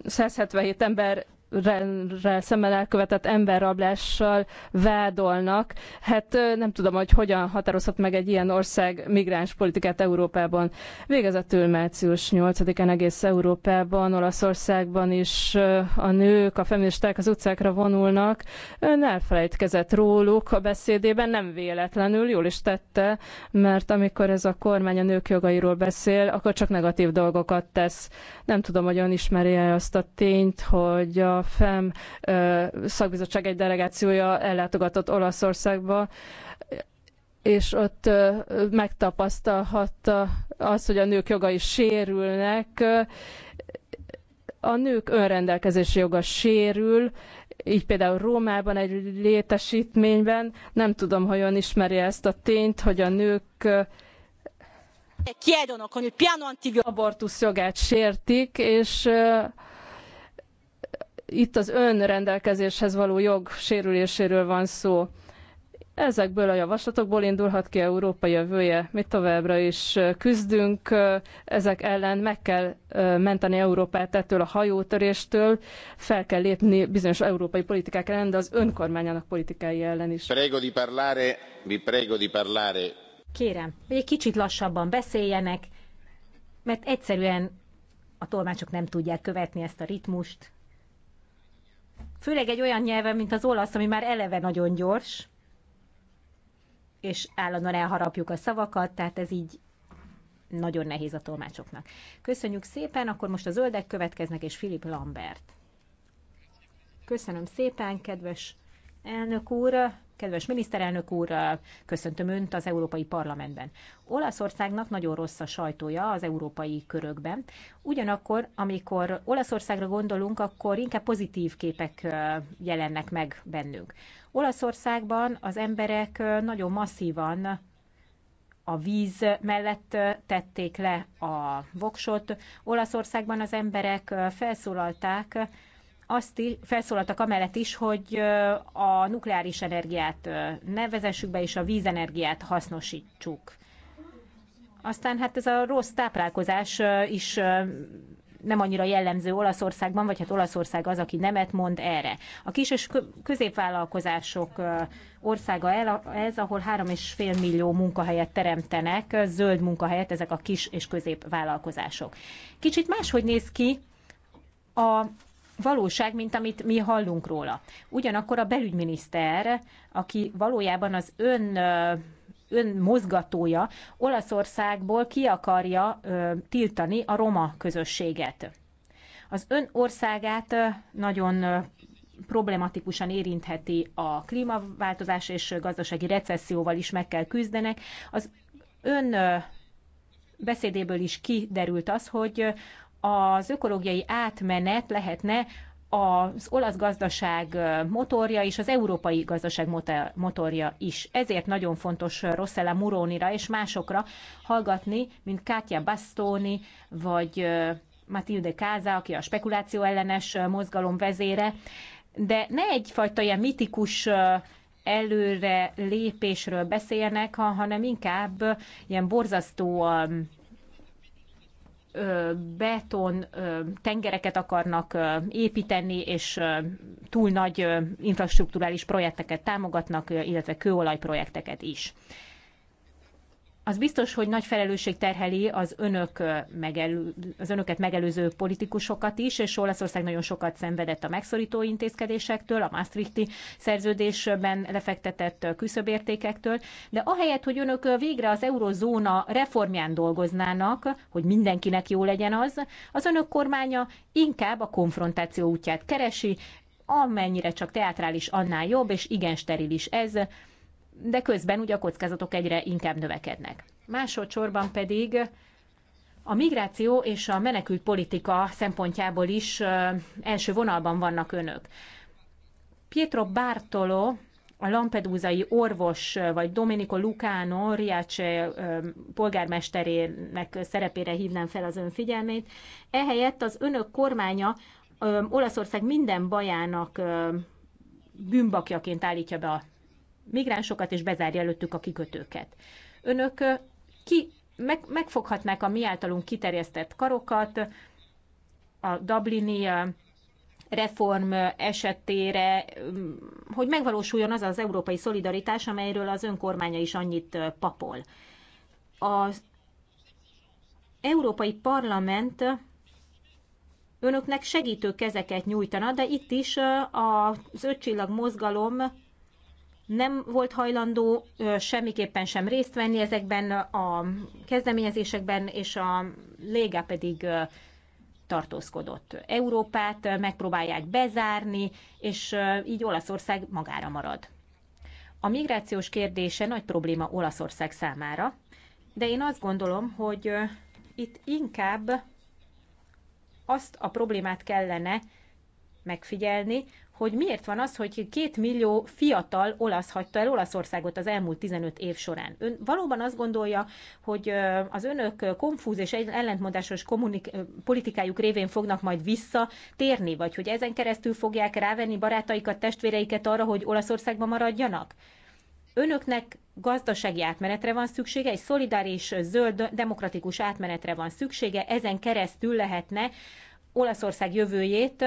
177 ember szemben elkövetett emberrablással vádolnak. Hát nem tudom, hogy hogyan határozhat meg egy ilyen ország migráns politikát Európában. Végezetül március 8-án egész Európában, Olaszországban is a nők, a feministák az utcákra vonulnak. Ön elfelejtkezett róluk a beszédében, nem véletlenül, jól is tette, mert amikor ez a kormány a nők jogairól beszél, akkor csak negatív dolgokat tesz. Nem tudom, hogy ön ismeri -e azt a tényt, hogy a FEM szakbizottság egy delegációja ellátogatott Olaszországba, és ott megtapasztalhatta azt, hogy a nők jogai sérülnek, a nők önrendelkezési joga sérül, így például Rómában egy létesítményben, nem tudom, hogy ön ismeri ezt a tényt, hogy a nők abortusz jogát sértik, és itt az önrendelkezéshez való jog sérüléséről van szó. Ezekből a javaslatokból indulhat ki Európa jövője. Mi továbbra is küzdünk ezek ellen, meg kell menteni Európát ettől a hajótöréstől, fel kell lépni bizonyos európai politikák ellen, de az önkormányának politikái ellen is. Prego di parlare, vi prego di parlare. Kérem, hogy egy kicsit lassabban beszéljenek, mert egyszerűen a tolmácsok nem tudják követni ezt a ritmust főleg egy olyan nyelven, mint az olasz, ami már eleve nagyon gyors, és állandóan elharapjuk a szavakat, tehát ez így nagyon nehéz a tolmácsoknak. Köszönjük szépen, akkor most a zöldek következnek, és Filip Lambert. Köszönöm szépen, kedves elnök úr, Kedves miniszterelnök úr, köszöntöm Önt az Európai Parlamentben. Olaszországnak nagyon rossz a sajtója az európai körökben. Ugyanakkor, amikor Olaszországra gondolunk, akkor inkább pozitív képek jelennek meg bennünk. Olaszországban az emberek nagyon masszívan a víz mellett tették le a voksot. Olaszországban az emberek felszólalták, azt is, felszólaltak amellett is, hogy a nukleáris energiát ne vezessük be, és a vízenergiát hasznosítsuk. Aztán hát ez a rossz táplálkozás is nem annyira jellemző Olaszországban, vagy hát Olaszország az, aki nemet mond erre. A kis és középvállalkozások országa ez, ahol 3,5 millió munkahelyet teremtenek, zöld munkahelyet ezek a kis és középvállalkozások. Kicsit máshogy néz ki a valóság, mint amit mi hallunk róla. Ugyanakkor a belügyminiszter, aki valójában az ön ön mozgatója Olaszországból ki akarja ö, tiltani a roma közösséget. Az ön országát ö, nagyon ö, problematikusan érintheti a klímaváltozás és gazdasági recesszióval is meg kell küzdenek. Az ön beszédéből is kiderült az, hogy az ökológiai átmenet lehetne az olasz gazdaság motorja és az európai gazdaság motorja is. Ezért nagyon fontos Rossella Muronira és másokra hallgatni, mint Kátya Bastoni, vagy Matilde Káza, aki a spekuláció ellenes mozgalom vezére, de ne egyfajta ilyen mitikus előre lépésről beszélnek, hanem inkább ilyen borzasztó beton tengereket akarnak építeni, és túl nagy infrastruktúrális projekteket támogatnak, illetve kőolajprojekteket is az biztos, hogy nagy felelősség terheli az, önök megelő, az önöket megelőző politikusokat is, és Olaszország nagyon sokat szenvedett a megszorító intézkedésektől, a Maastrichti szerződésben lefektetett küszöbértékektől, de ahelyett, hogy önök végre az eurozóna reformján dolgoznának, hogy mindenkinek jó legyen az, az önök kormánya inkább a konfrontáció útját keresi, amennyire csak teatrális, annál jobb, és igen steril is ez de közben ugye a kockázatok egyre inkább növekednek. Másodszorban pedig a migráció és a menekült politika szempontjából is első vonalban vannak önök. Pietro Bartolo, a lampedúzai orvos, vagy Domenico Lucano, Riace polgármesterének szerepére hívnám fel az ön figyelmét. Ehelyett az önök kormánya Olaszország minden bajának bűnbakjaként állítja be a migránsokat, és bezárja előttük a kikötőket. Önök ki meg, megfoghatnák a mi általunk kiterjesztett karokat, a Dublini reform esetére, hogy megvalósuljon az az európai szolidaritás, amelyről az önkormánya is annyit papol. Az Európai Parlament önöknek segítő kezeket nyújtana, de itt is az ötcsillag mozgalom nem volt hajlandó semmiképpen sem részt venni ezekben a kezdeményezésekben, és a Léga pedig tartózkodott. Európát megpróbálják bezárni, és így Olaszország magára marad. A migrációs kérdése nagy probléma Olaszország számára, de én azt gondolom, hogy itt inkább azt a problémát kellene megfigyelni, hogy miért van az, hogy két millió fiatal olasz hagyta el Olaszországot az elmúlt 15 év során. Ön valóban azt gondolja, hogy az önök konfúz és ellentmondásos kommunik- politikájuk révén fognak majd visszatérni, vagy hogy ezen keresztül fogják rávenni barátaikat, testvéreiket arra, hogy Olaszországban maradjanak? Önöknek gazdasági átmenetre van szüksége, egy szolidáris, zöld, demokratikus átmenetre van szüksége, ezen keresztül lehetne Olaszország jövőjét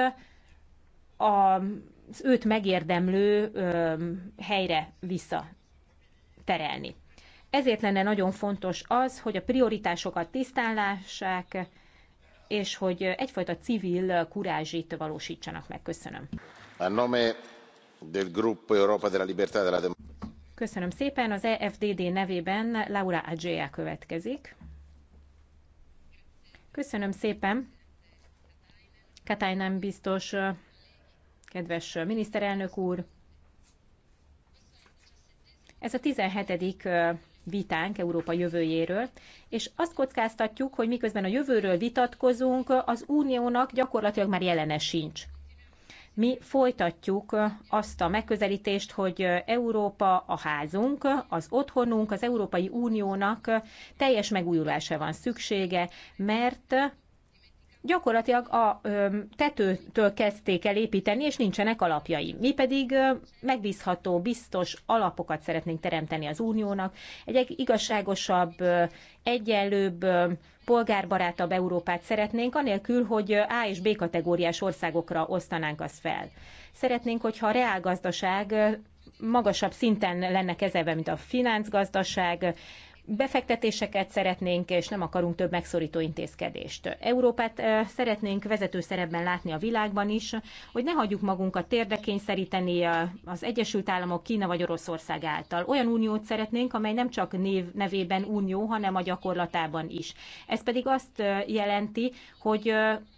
az őt megérdemlő helyre terelni. Ezért lenne nagyon fontos az, hogy a prioritásokat tisztánlássák, és hogy egyfajta civil kurázsit valósítsanak meg. Köszönöm. A nome del gruppo Europa della Libertà della Democrazia. Köszönöm szépen. Az EFDD nevében Laura Adjéa következik. Köszönöm szépen. nem biztos kedves miniszterelnök úr! Ez a 17. vitánk Európa jövőjéről, és azt kockáztatjuk, hogy miközben a jövőről vitatkozunk, az uniónak gyakorlatilag már jelene sincs. Mi folytatjuk azt a megközelítést, hogy Európa a házunk, az otthonunk, az Európai Uniónak teljes megújulása van szüksége, mert gyakorlatilag a tetőtől kezdték el építeni, és nincsenek alapjai. Mi pedig megbízható, biztos alapokat szeretnénk teremteni az uniónak, egy igazságosabb, egyenlőbb, polgárbarátabb Európát szeretnénk, anélkül, hogy A és B kategóriás országokra osztanánk azt fel. Szeretnénk, hogyha a reálgazdaság magasabb szinten lenne kezelve, mint a finanszgazdaság, Befektetéseket szeretnénk, és nem akarunk több megszorító intézkedést. Európát szeretnénk vezető szerepben látni a világban is, hogy ne hagyjuk magunkat térdekényszeríteni az Egyesült Államok, Kína vagy Oroszország által. Olyan uniót szeretnénk, amely nem csak név, nevében unió, hanem a gyakorlatában is. Ez pedig azt jelenti, hogy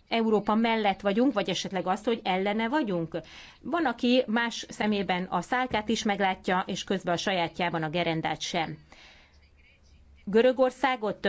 Európa mellett vagyunk, vagy esetleg azt, hogy ellene vagyunk? Van, aki más szemében a szálkát is meglátja, és közben a sajátjában a gerendát sem. Görögországot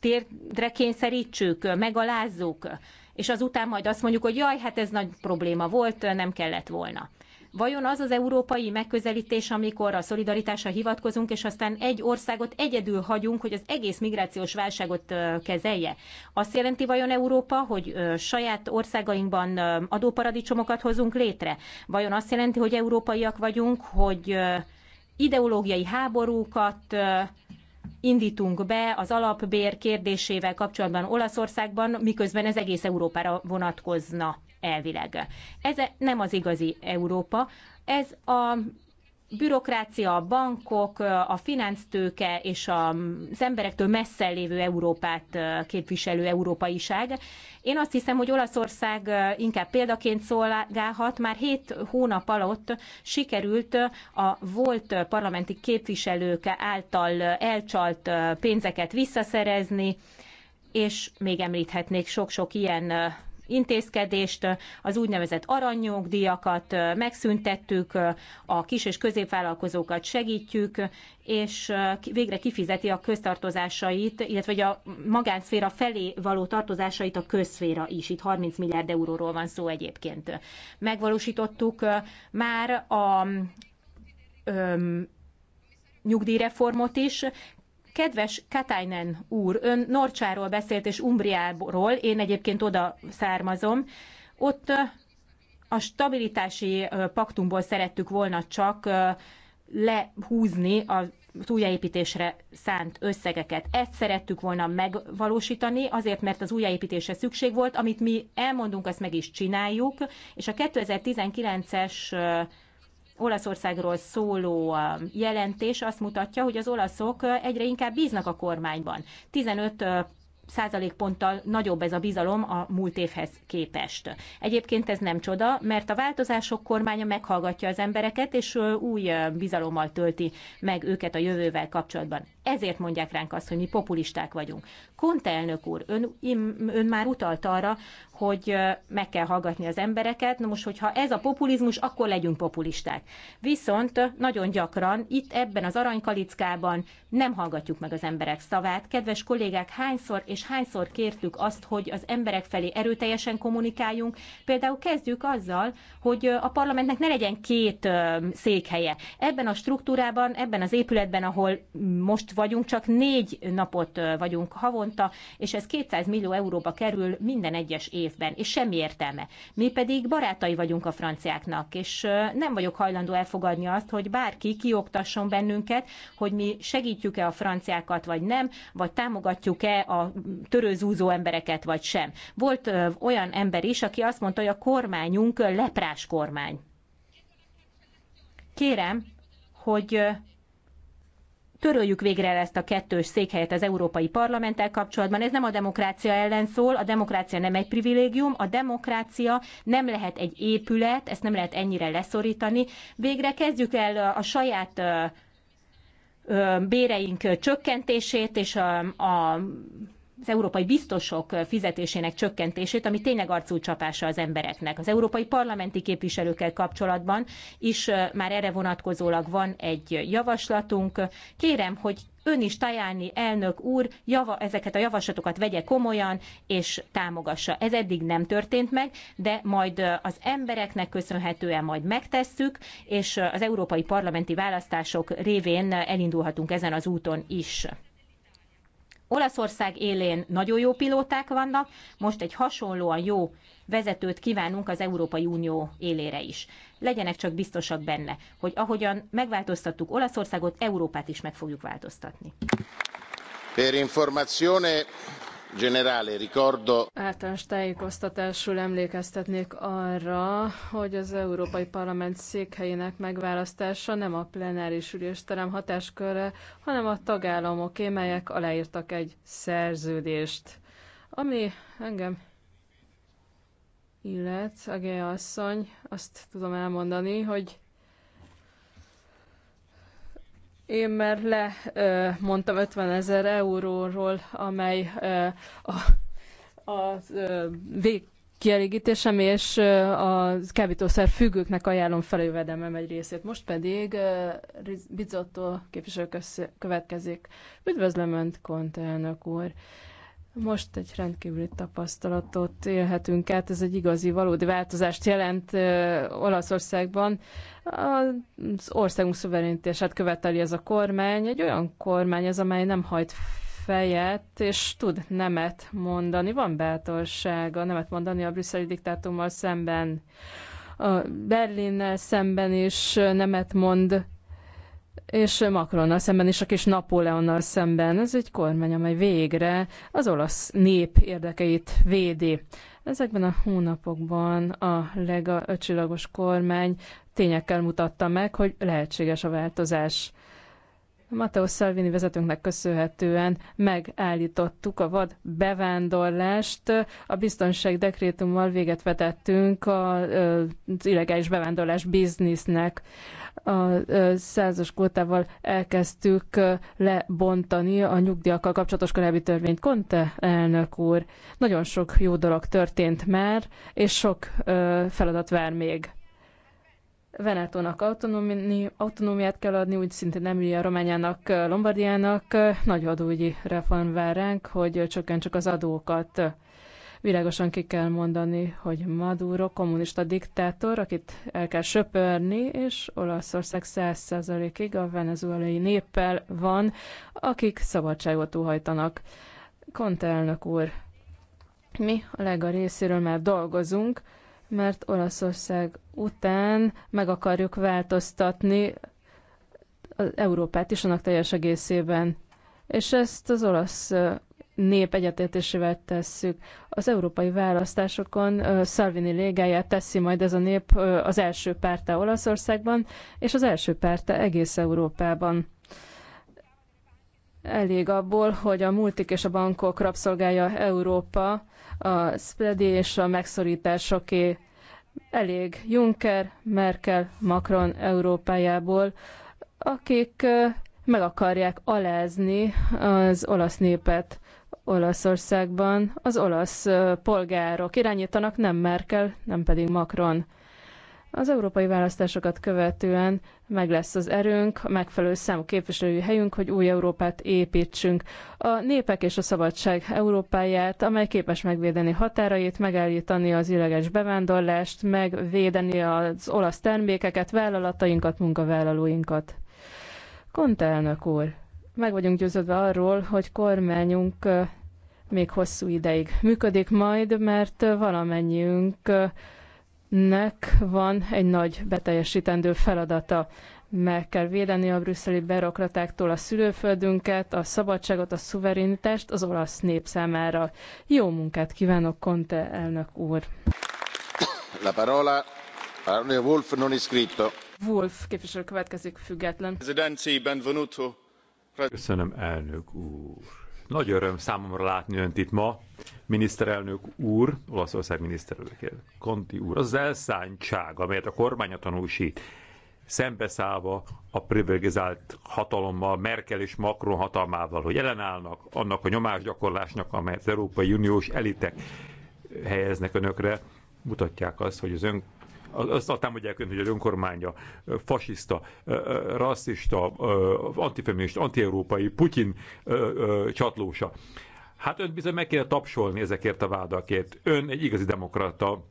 térdre kényszerítsük, megalázzuk, és azután majd azt mondjuk, hogy jaj, hát ez nagy probléma volt, nem kellett volna. Vajon az az európai megközelítés, amikor a szolidaritásra hivatkozunk, és aztán egy országot egyedül hagyunk, hogy az egész migrációs válságot kezelje? Azt jelenti vajon Európa, hogy saját országainkban adóparadicsomokat hozunk létre? Vajon azt jelenti, hogy európaiak vagyunk, hogy ideológiai háborúkat indítunk be az alapbér kérdésével kapcsolatban Olaszországban, miközben ez egész Európára vonatkozna elvileg. Ez nem az igazi Európa, ez a bürokrácia, a bankok, a finansztőke és az emberektől messze lévő Európát képviselő európaiság. Én azt hiszem, hogy Olaszország inkább példaként szolgálhat. Már hét hónap alatt sikerült a volt parlamenti képviselők által elcsalt pénzeket visszaszerezni, és még említhetnék sok-sok ilyen intézkedést, az úgynevezett aranyjogdíjakat megszüntettük, a kis és középvállalkozókat segítjük, és végre kifizeti a köztartozásait, illetve a magánszféra felé való tartozásait a közszféra is. Itt 30 milliárd euróról van szó egyébként. Megvalósítottuk már a öm, nyugdíjreformot is. Kedves Katainen úr, ön Norcsáról beszélt és Umbriáról, én egyébként oda származom. Ott a stabilitási paktumból szerettük volna csak lehúzni a újjáépítésre szánt összegeket. Ezt szerettük volna megvalósítani, azért, mert az újjáépítésre szükség volt, amit mi elmondunk, azt meg is csináljuk, és a 2019-es Olaszországról szóló jelentés azt mutatja, hogy az olaszok egyre inkább bíznak a kormányban. 15 százalékponttal nagyobb ez a bizalom a múlt évhez képest. Egyébként ez nem csoda, mert a változások kormánya meghallgatja az embereket, és új bizalommal tölti meg őket a jövővel kapcsolatban ezért mondják ránk azt, hogy mi populisták vagyunk. Konte elnök úr, ön, ön már utalt arra, hogy meg kell hallgatni az embereket, na most, hogyha ez a populizmus, akkor legyünk populisták. Viszont nagyon gyakran itt ebben az aranykalickában nem hallgatjuk meg az emberek szavát. Kedves kollégák, hányszor és hányszor kértük azt, hogy az emberek felé erőteljesen kommunikáljunk. Például kezdjük azzal, hogy a parlamentnek ne legyen két székhelye. Ebben a struktúrában, ebben az épületben, ahol most vagyunk, csak négy napot vagyunk havonta, és ez 200 millió euróba kerül minden egyes évben, és semmi értelme. Mi pedig barátai vagyunk a franciáknak, és nem vagyok hajlandó elfogadni azt, hogy bárki kioktasson bennünket, hogy mi segítjük-e a franciákat, vagy nem, vagy támogatjuk-e a törőzúzó embereket, vagy sem. Volt olyan ember is, aki azt mondta, hogy a kormányunk leprás kormány. Kérem, hogy töröljük végre el ezt a kettős székhelyet az Európai Parlamenttel kapcsolatban. Ez nem a demokrácia ellen szól, a demokrácia nem egy privilégium, a demokrácia nem lehet egy épület, ezt nem lehet ennyire leszorítani. Végre kezdjük el a saját béreink csökkentését és a, a az európai biztosok fizetésének csökkentését, ami tényleg arcú csapása az embereknek. Az európai parlamenti képviselőkkel kapcsolatban is már erre vonatkozólag van egy javaslatunk. Kérem, hogy ön is Tajáni elnök úr java, ezeket a javaslatokat vegye komolyan és támogassa. Ez eddig nem történt meg, de majd az embereknek köszönhetően majd megtesszük, és az európai parlamenti választások révén elindulhatunk ezen az úton is. Olaszország élén nagyon jó pilóták vannak, most egy hasonlóan jó vezetőt kívánunk az Európai Unió élére is. Legyenek csak biztosak benne, hogy ahogyan megváltoztattuk Olaszországot, Európát is meg fogjuk változtatni. Per generale ricordo. Általános tájékoztatásul emlékeztetnék arra, hogy az Európai Parlament székhelyének megválasztása nem a plenáris ülésterem hatásköre, hanem a tagállamoké, melyek aláírtak egy szerződést. Ami engem illet, Agé asszony, azt tudom elmondani, hogy én már lemondtam 50 ezer euróról, amely a, a, a vég kielégítésem, és a kábítószer függőknek ajánlom feljövedelmem egy részét. Most pedig Bizotto képviselő következik. Üdvözlöm Önt, Kont elnök úr! Most egy rendkívüli tapasztalatot élhetünk át, ez egy igazi, valódi változást jelent Olaszországban. Az országunk szuverenitását követeli ez a kormány, egy olyan kormány ez, amely nem hajt fejet, és tud nemet mondani, van bátorsága nemet mondani a brüsszeli diktátummal szemben, a Berlinnel szemben is nemet mond, és Macronnal szemben is, a kis Napóleonnal szemben. Ez egy kormány, amely végre az olasz nép érdekeit védi. Ezekben a hónapokban a lega kormány tényekkel mutatta meg, hogy lehetséges a változás. Matteo Salvini vezetőnknek köszönhetően megállítottuk a vad bevándorlást, a biztonság dekrétummal véget vetettünk az illegális bevándorlás biznisznek a százas kótával elkezdtük lebontani a nyugdíjakkal kapcsolatos korábbi törvényt. Konte elnök úr, nagyon sok jó dolog történt már, és sok feladat vár még. Venetónak autonómiát kell adni, úgy szintén nem a Romániának, Lombardiának. Nagy adógyi reform vár ránk, hogy csökkentsük az adókat. Világosan ki kell mondani, hogy Maduro kommunista diktátor, akit el kell söpörni, és Olaszország 100%-ig a venezuelai néppel van, akik szabadságot uhajtanak. Konte elnök úr, mi a lega részéről már dolgozunk, mert Olaszország után meg akarjuk változtatni az Európát is annak teljes egészében. És ezt az olasz nép egyetértésével tesszük. Az európai választásokon uh, Salvini légáját teszi majd ez a nép uh, az első párta Olaszországban, és az első párta egész Európában. Elég abból, hogy a multik és a bankok rabszolgálja Európa, a spreadi és a megszorításoké elég Juncker, Merkel, Macron Európájából, akik uh, meg akarják alázni az olasz népet. Olaszországban az olasz polgárok irányítanak, nem Merkel, nem pedig Macron. Az európai választásokat követően meg lesz az erőnk, a megfelelő számú képviselői helyünk, hogy új Európát építsünk. A népek és a szabadság Európáját, amely képes megvédeni határait, megállítani az illegális bevándorlást, megvédeni az olasz termékeket, vállalatainkat, munkavállalóinkat. Konta elnök úr! Meg vagyunk győződve arról, hogy kormányunk még hosszú ideig működik majd, mert valamennyiünknek van egy nagy beteljesítendő feladata. Meg kell védeni a brüsszeli berokratáktól a szülőföldünket, a szabadságot, a szuverenitást az olasz nép számára. Jó munkát kívánok, Conte elnök úr! La parola Arne Wolf non iscritto. Wolf képviselő következik független. Presidenzi, benvenuto Köszönöm, elnök úr. Nagy öröm számomra látni önt itt ma, miniszterelnök úr, Olaszország miniszterelnökért, Konti úr. Az elszántság, amelyet a kormánya tanúsít, szembeszállva a privilegizált hatalommal, Merkel és Macron hatalmával, hogy ellenállnak annak a nyomásgyakorlásnak, amelyet az Európai Uniós elitek helyeznek önökre, mutatják azt, hogy az ön azt támadják ön, hogy az önkormánya fasiszta, rasszista, antifeminista, antieurópai, Putyin csatlósa. Hát önt bizony meg kéne tapsolni ezekért a vádakért. Ön egy igazi demokrata,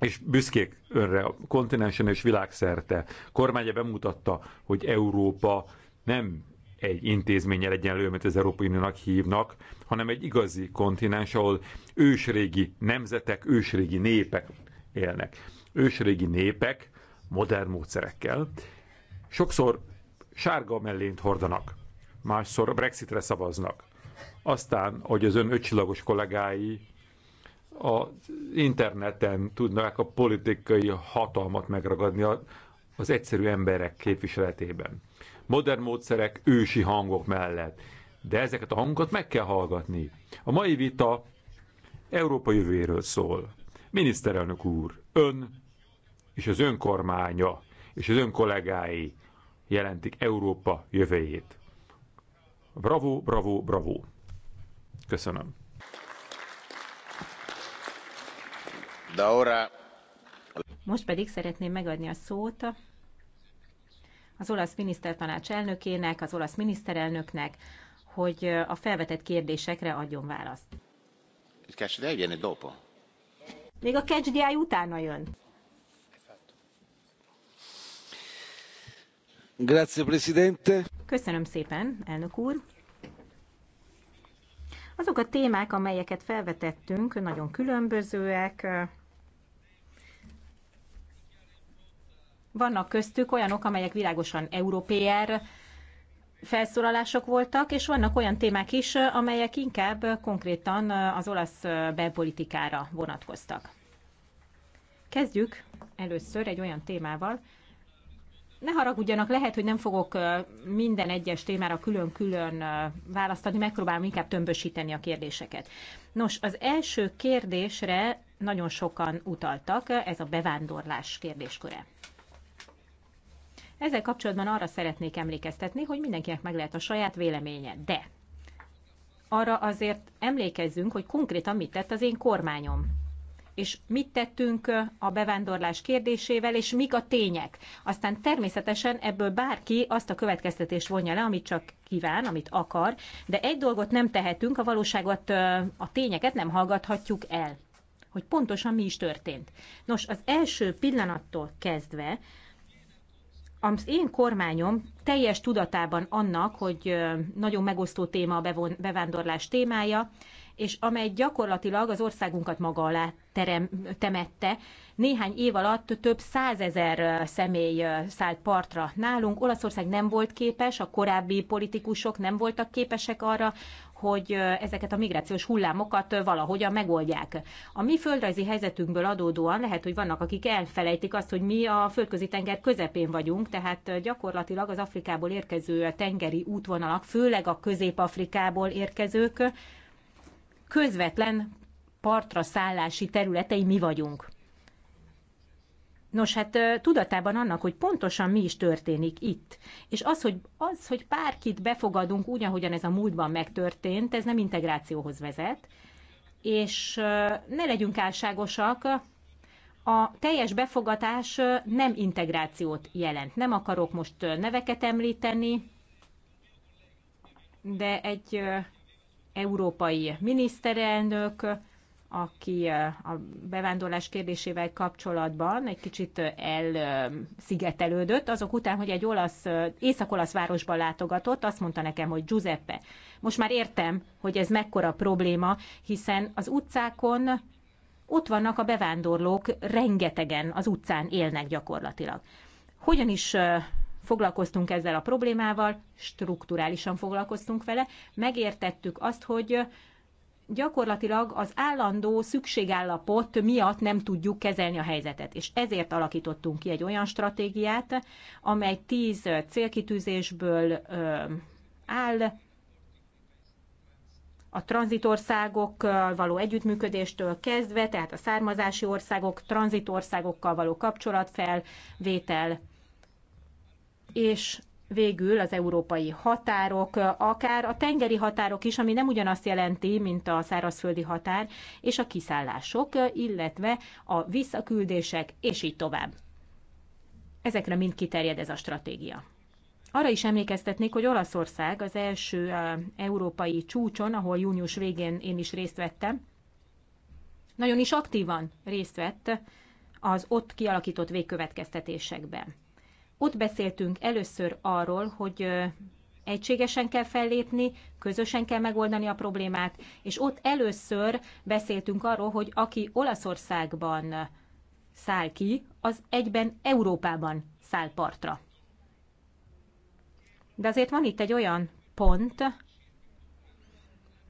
és büszkék önre a kontinensen és világszerte. Kormánya bemutatta, hogy Európa nem egy intézménnyel egyenlő, amit az Európai Uniónak hívnak, hanem egy igazi kontinens, ahol ősrégi nemzetek, ősrégi népek élnek ősrégi népek modern módszerekkel sokszor sárga mellényt hordanak, másszor Brexitre szavaznak. Aztán, hogy az ön öcsilagos kollégái az interneten tudnák a politikai hatalmat megragadni az egyszerű emberek képviseletében. Modern módszerek ősi hangok mellett. De ezeket a hangokat meg kell hallgatni. A mai vita Európa jövőjéről szól. Miniszterelnök úr, ön és az önkormánya és az önkollegái jelentik Európa jövőjét. Bravo, bravo, bravo! Köszönöm. Most pedig szeretném megadni a szót az olasz minisztertanács elnökének, az olasz miniszterelnöknek, hogy a felvetett kérdésekre adjon választ. Még a kecsdiáj utána jön. Grazie, Presidente. Köszönöm szépen, elnök úr. Azok a témák, amelyeket felvetettünk, nagyon különbözőek. Vannak köztük olyanok, amelyek világosan európér felszólalások voltak, és vannak olyan témák is, amelyek inkább konkrétan az olasz belpolitikára vonatkoztak. Kezdjük először egy olyan témával, ne haragudjanak, lehet, hogy nem fogok minden egyes témára külön-külön választani, megpróbálom inkább tömbösíteni a kérdéseket. Nos, az első kérdésre nagyon sokan utaltak, ez a bevándorlás kérdésköre. Ezzel kapcsolatban arra szeretnék emlékeztetni, hogy mindenkinek meg lehet a saját véleménye, de arra azért emlékezzünk, hogy konkrétan mit tett az én kormányom és mit tettünk a bevándorlás kérdésével, és mik a tények. Aztán természetesen ebből bárki azt a következtetést vonja le, amit csak kíván, amit akar, de egy dolgot nem tehetünk, a valóságot, a tényeket nem hallgathatjuk el, hogy pontosan mi is történt. Nos, az első pillanattól kezdve az én kormányom teljes tudatában annak, hogy nagyon megosztó téma a bevándorlás témája, és amely gyakorlatilag az országunkat maga alá terem, temette. Néhány év alatt több százezer személy szállt partra nálunk. Olaszország nem volt képes, a korábbi politikusok nem voltak képesek arra, hogy ezeket a migrációs hullámokat valahogyan megoldják. A mi földrajzi helyzetünkből adódóan lehet, hogy vannak, akik elfelejtik azt, hogy mi a földközi tenger közepén vagyunk, tehát gyakorlatilag az Afrikából érkező tengeri útvonalak, főleg a közép-afrikából érkezők, közvetlen partra szállási területei mi vagyunk. Nos, hát tudatában annak, hogy pontosan mi is történik itt. És az, hogy, az, hogy bárkit befogadunk úgy, ahogyan ez a múltban megtörtént, ez nem integrációhoz vezet. És ne legyünk álságosak, a teljes befogatás nem integrációt jelent. Nem akarok most neveket említeni, de egy európai miniszterelnök, aki eh, a bevándorlás kérdésével kapcsolatban egy kicsit eh, elszigetelődött, azok után, hogy egy olasz, eh, észak-olasz városban látogatott, azt mondta nekem, hogy Giuseppe, most már értem, hogy ez mekkora probléma, hiszen az utcákon ott vannak a bevándorlók, rengetegen az utcán élnek gyakorlatilag. Hogyan is foglalkoztunk ezzel a problémával, strukturálisan foglalkoztunk vele, megértettük azt, hogy gyakorlatilag az állandó szükségállapot miatt nem tudjuk kezelni a helyzetet. És ezért alakítottunk ki egy olyan stratégiát, amely tíz célkitűzésből áll, a tranzitországok való együttműködéstől kezdve, tehát a származási országok, tranzitországokkal való kapcsolatfelvétel, és végül az európai határok, akár a tengeri határok is, ami nem ugyanazt jelenti, mint a szárazföldi határ, és a kiszállások, illetve a visszaküldések, és így tovább. Ezekre mind kiterjed ez a stratégia. Arra is emlékeztetnék, hogy Olaszország az első európai csúcson, ahol június végén én is részt vettem, nagyon is aktívan részt vett az ott kialakított végkövetkeztetésekben. Ott beszéltünk először arról, hogy egységesen kell fellépni, közösen kell megoldani a problémát, és ott először beszéltünk arról, hogy aki Olaszországban száll ki, az egyben Európában száll partra. De azért van itt egy olyan pont,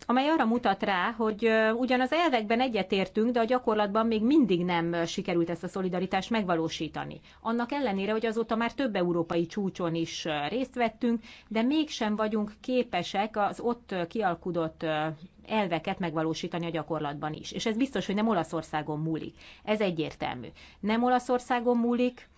amely arra mutat rá, hogy ugyan az elvekben egyetértünk, de a gyakorlatban még mindig nem sikerült ezt a szolidaritást megvalósítani. Annak ellenére, hogy azóta már több európai csúcson is részt vettünk, de mégsem vagyunk képesek az ott kialkudott elveket megvalósítani a gyakorlatban is. És ez biztos, hogy nem Olaszországon múlik. Ez egyértelmű. Nem Olaszországon múlik,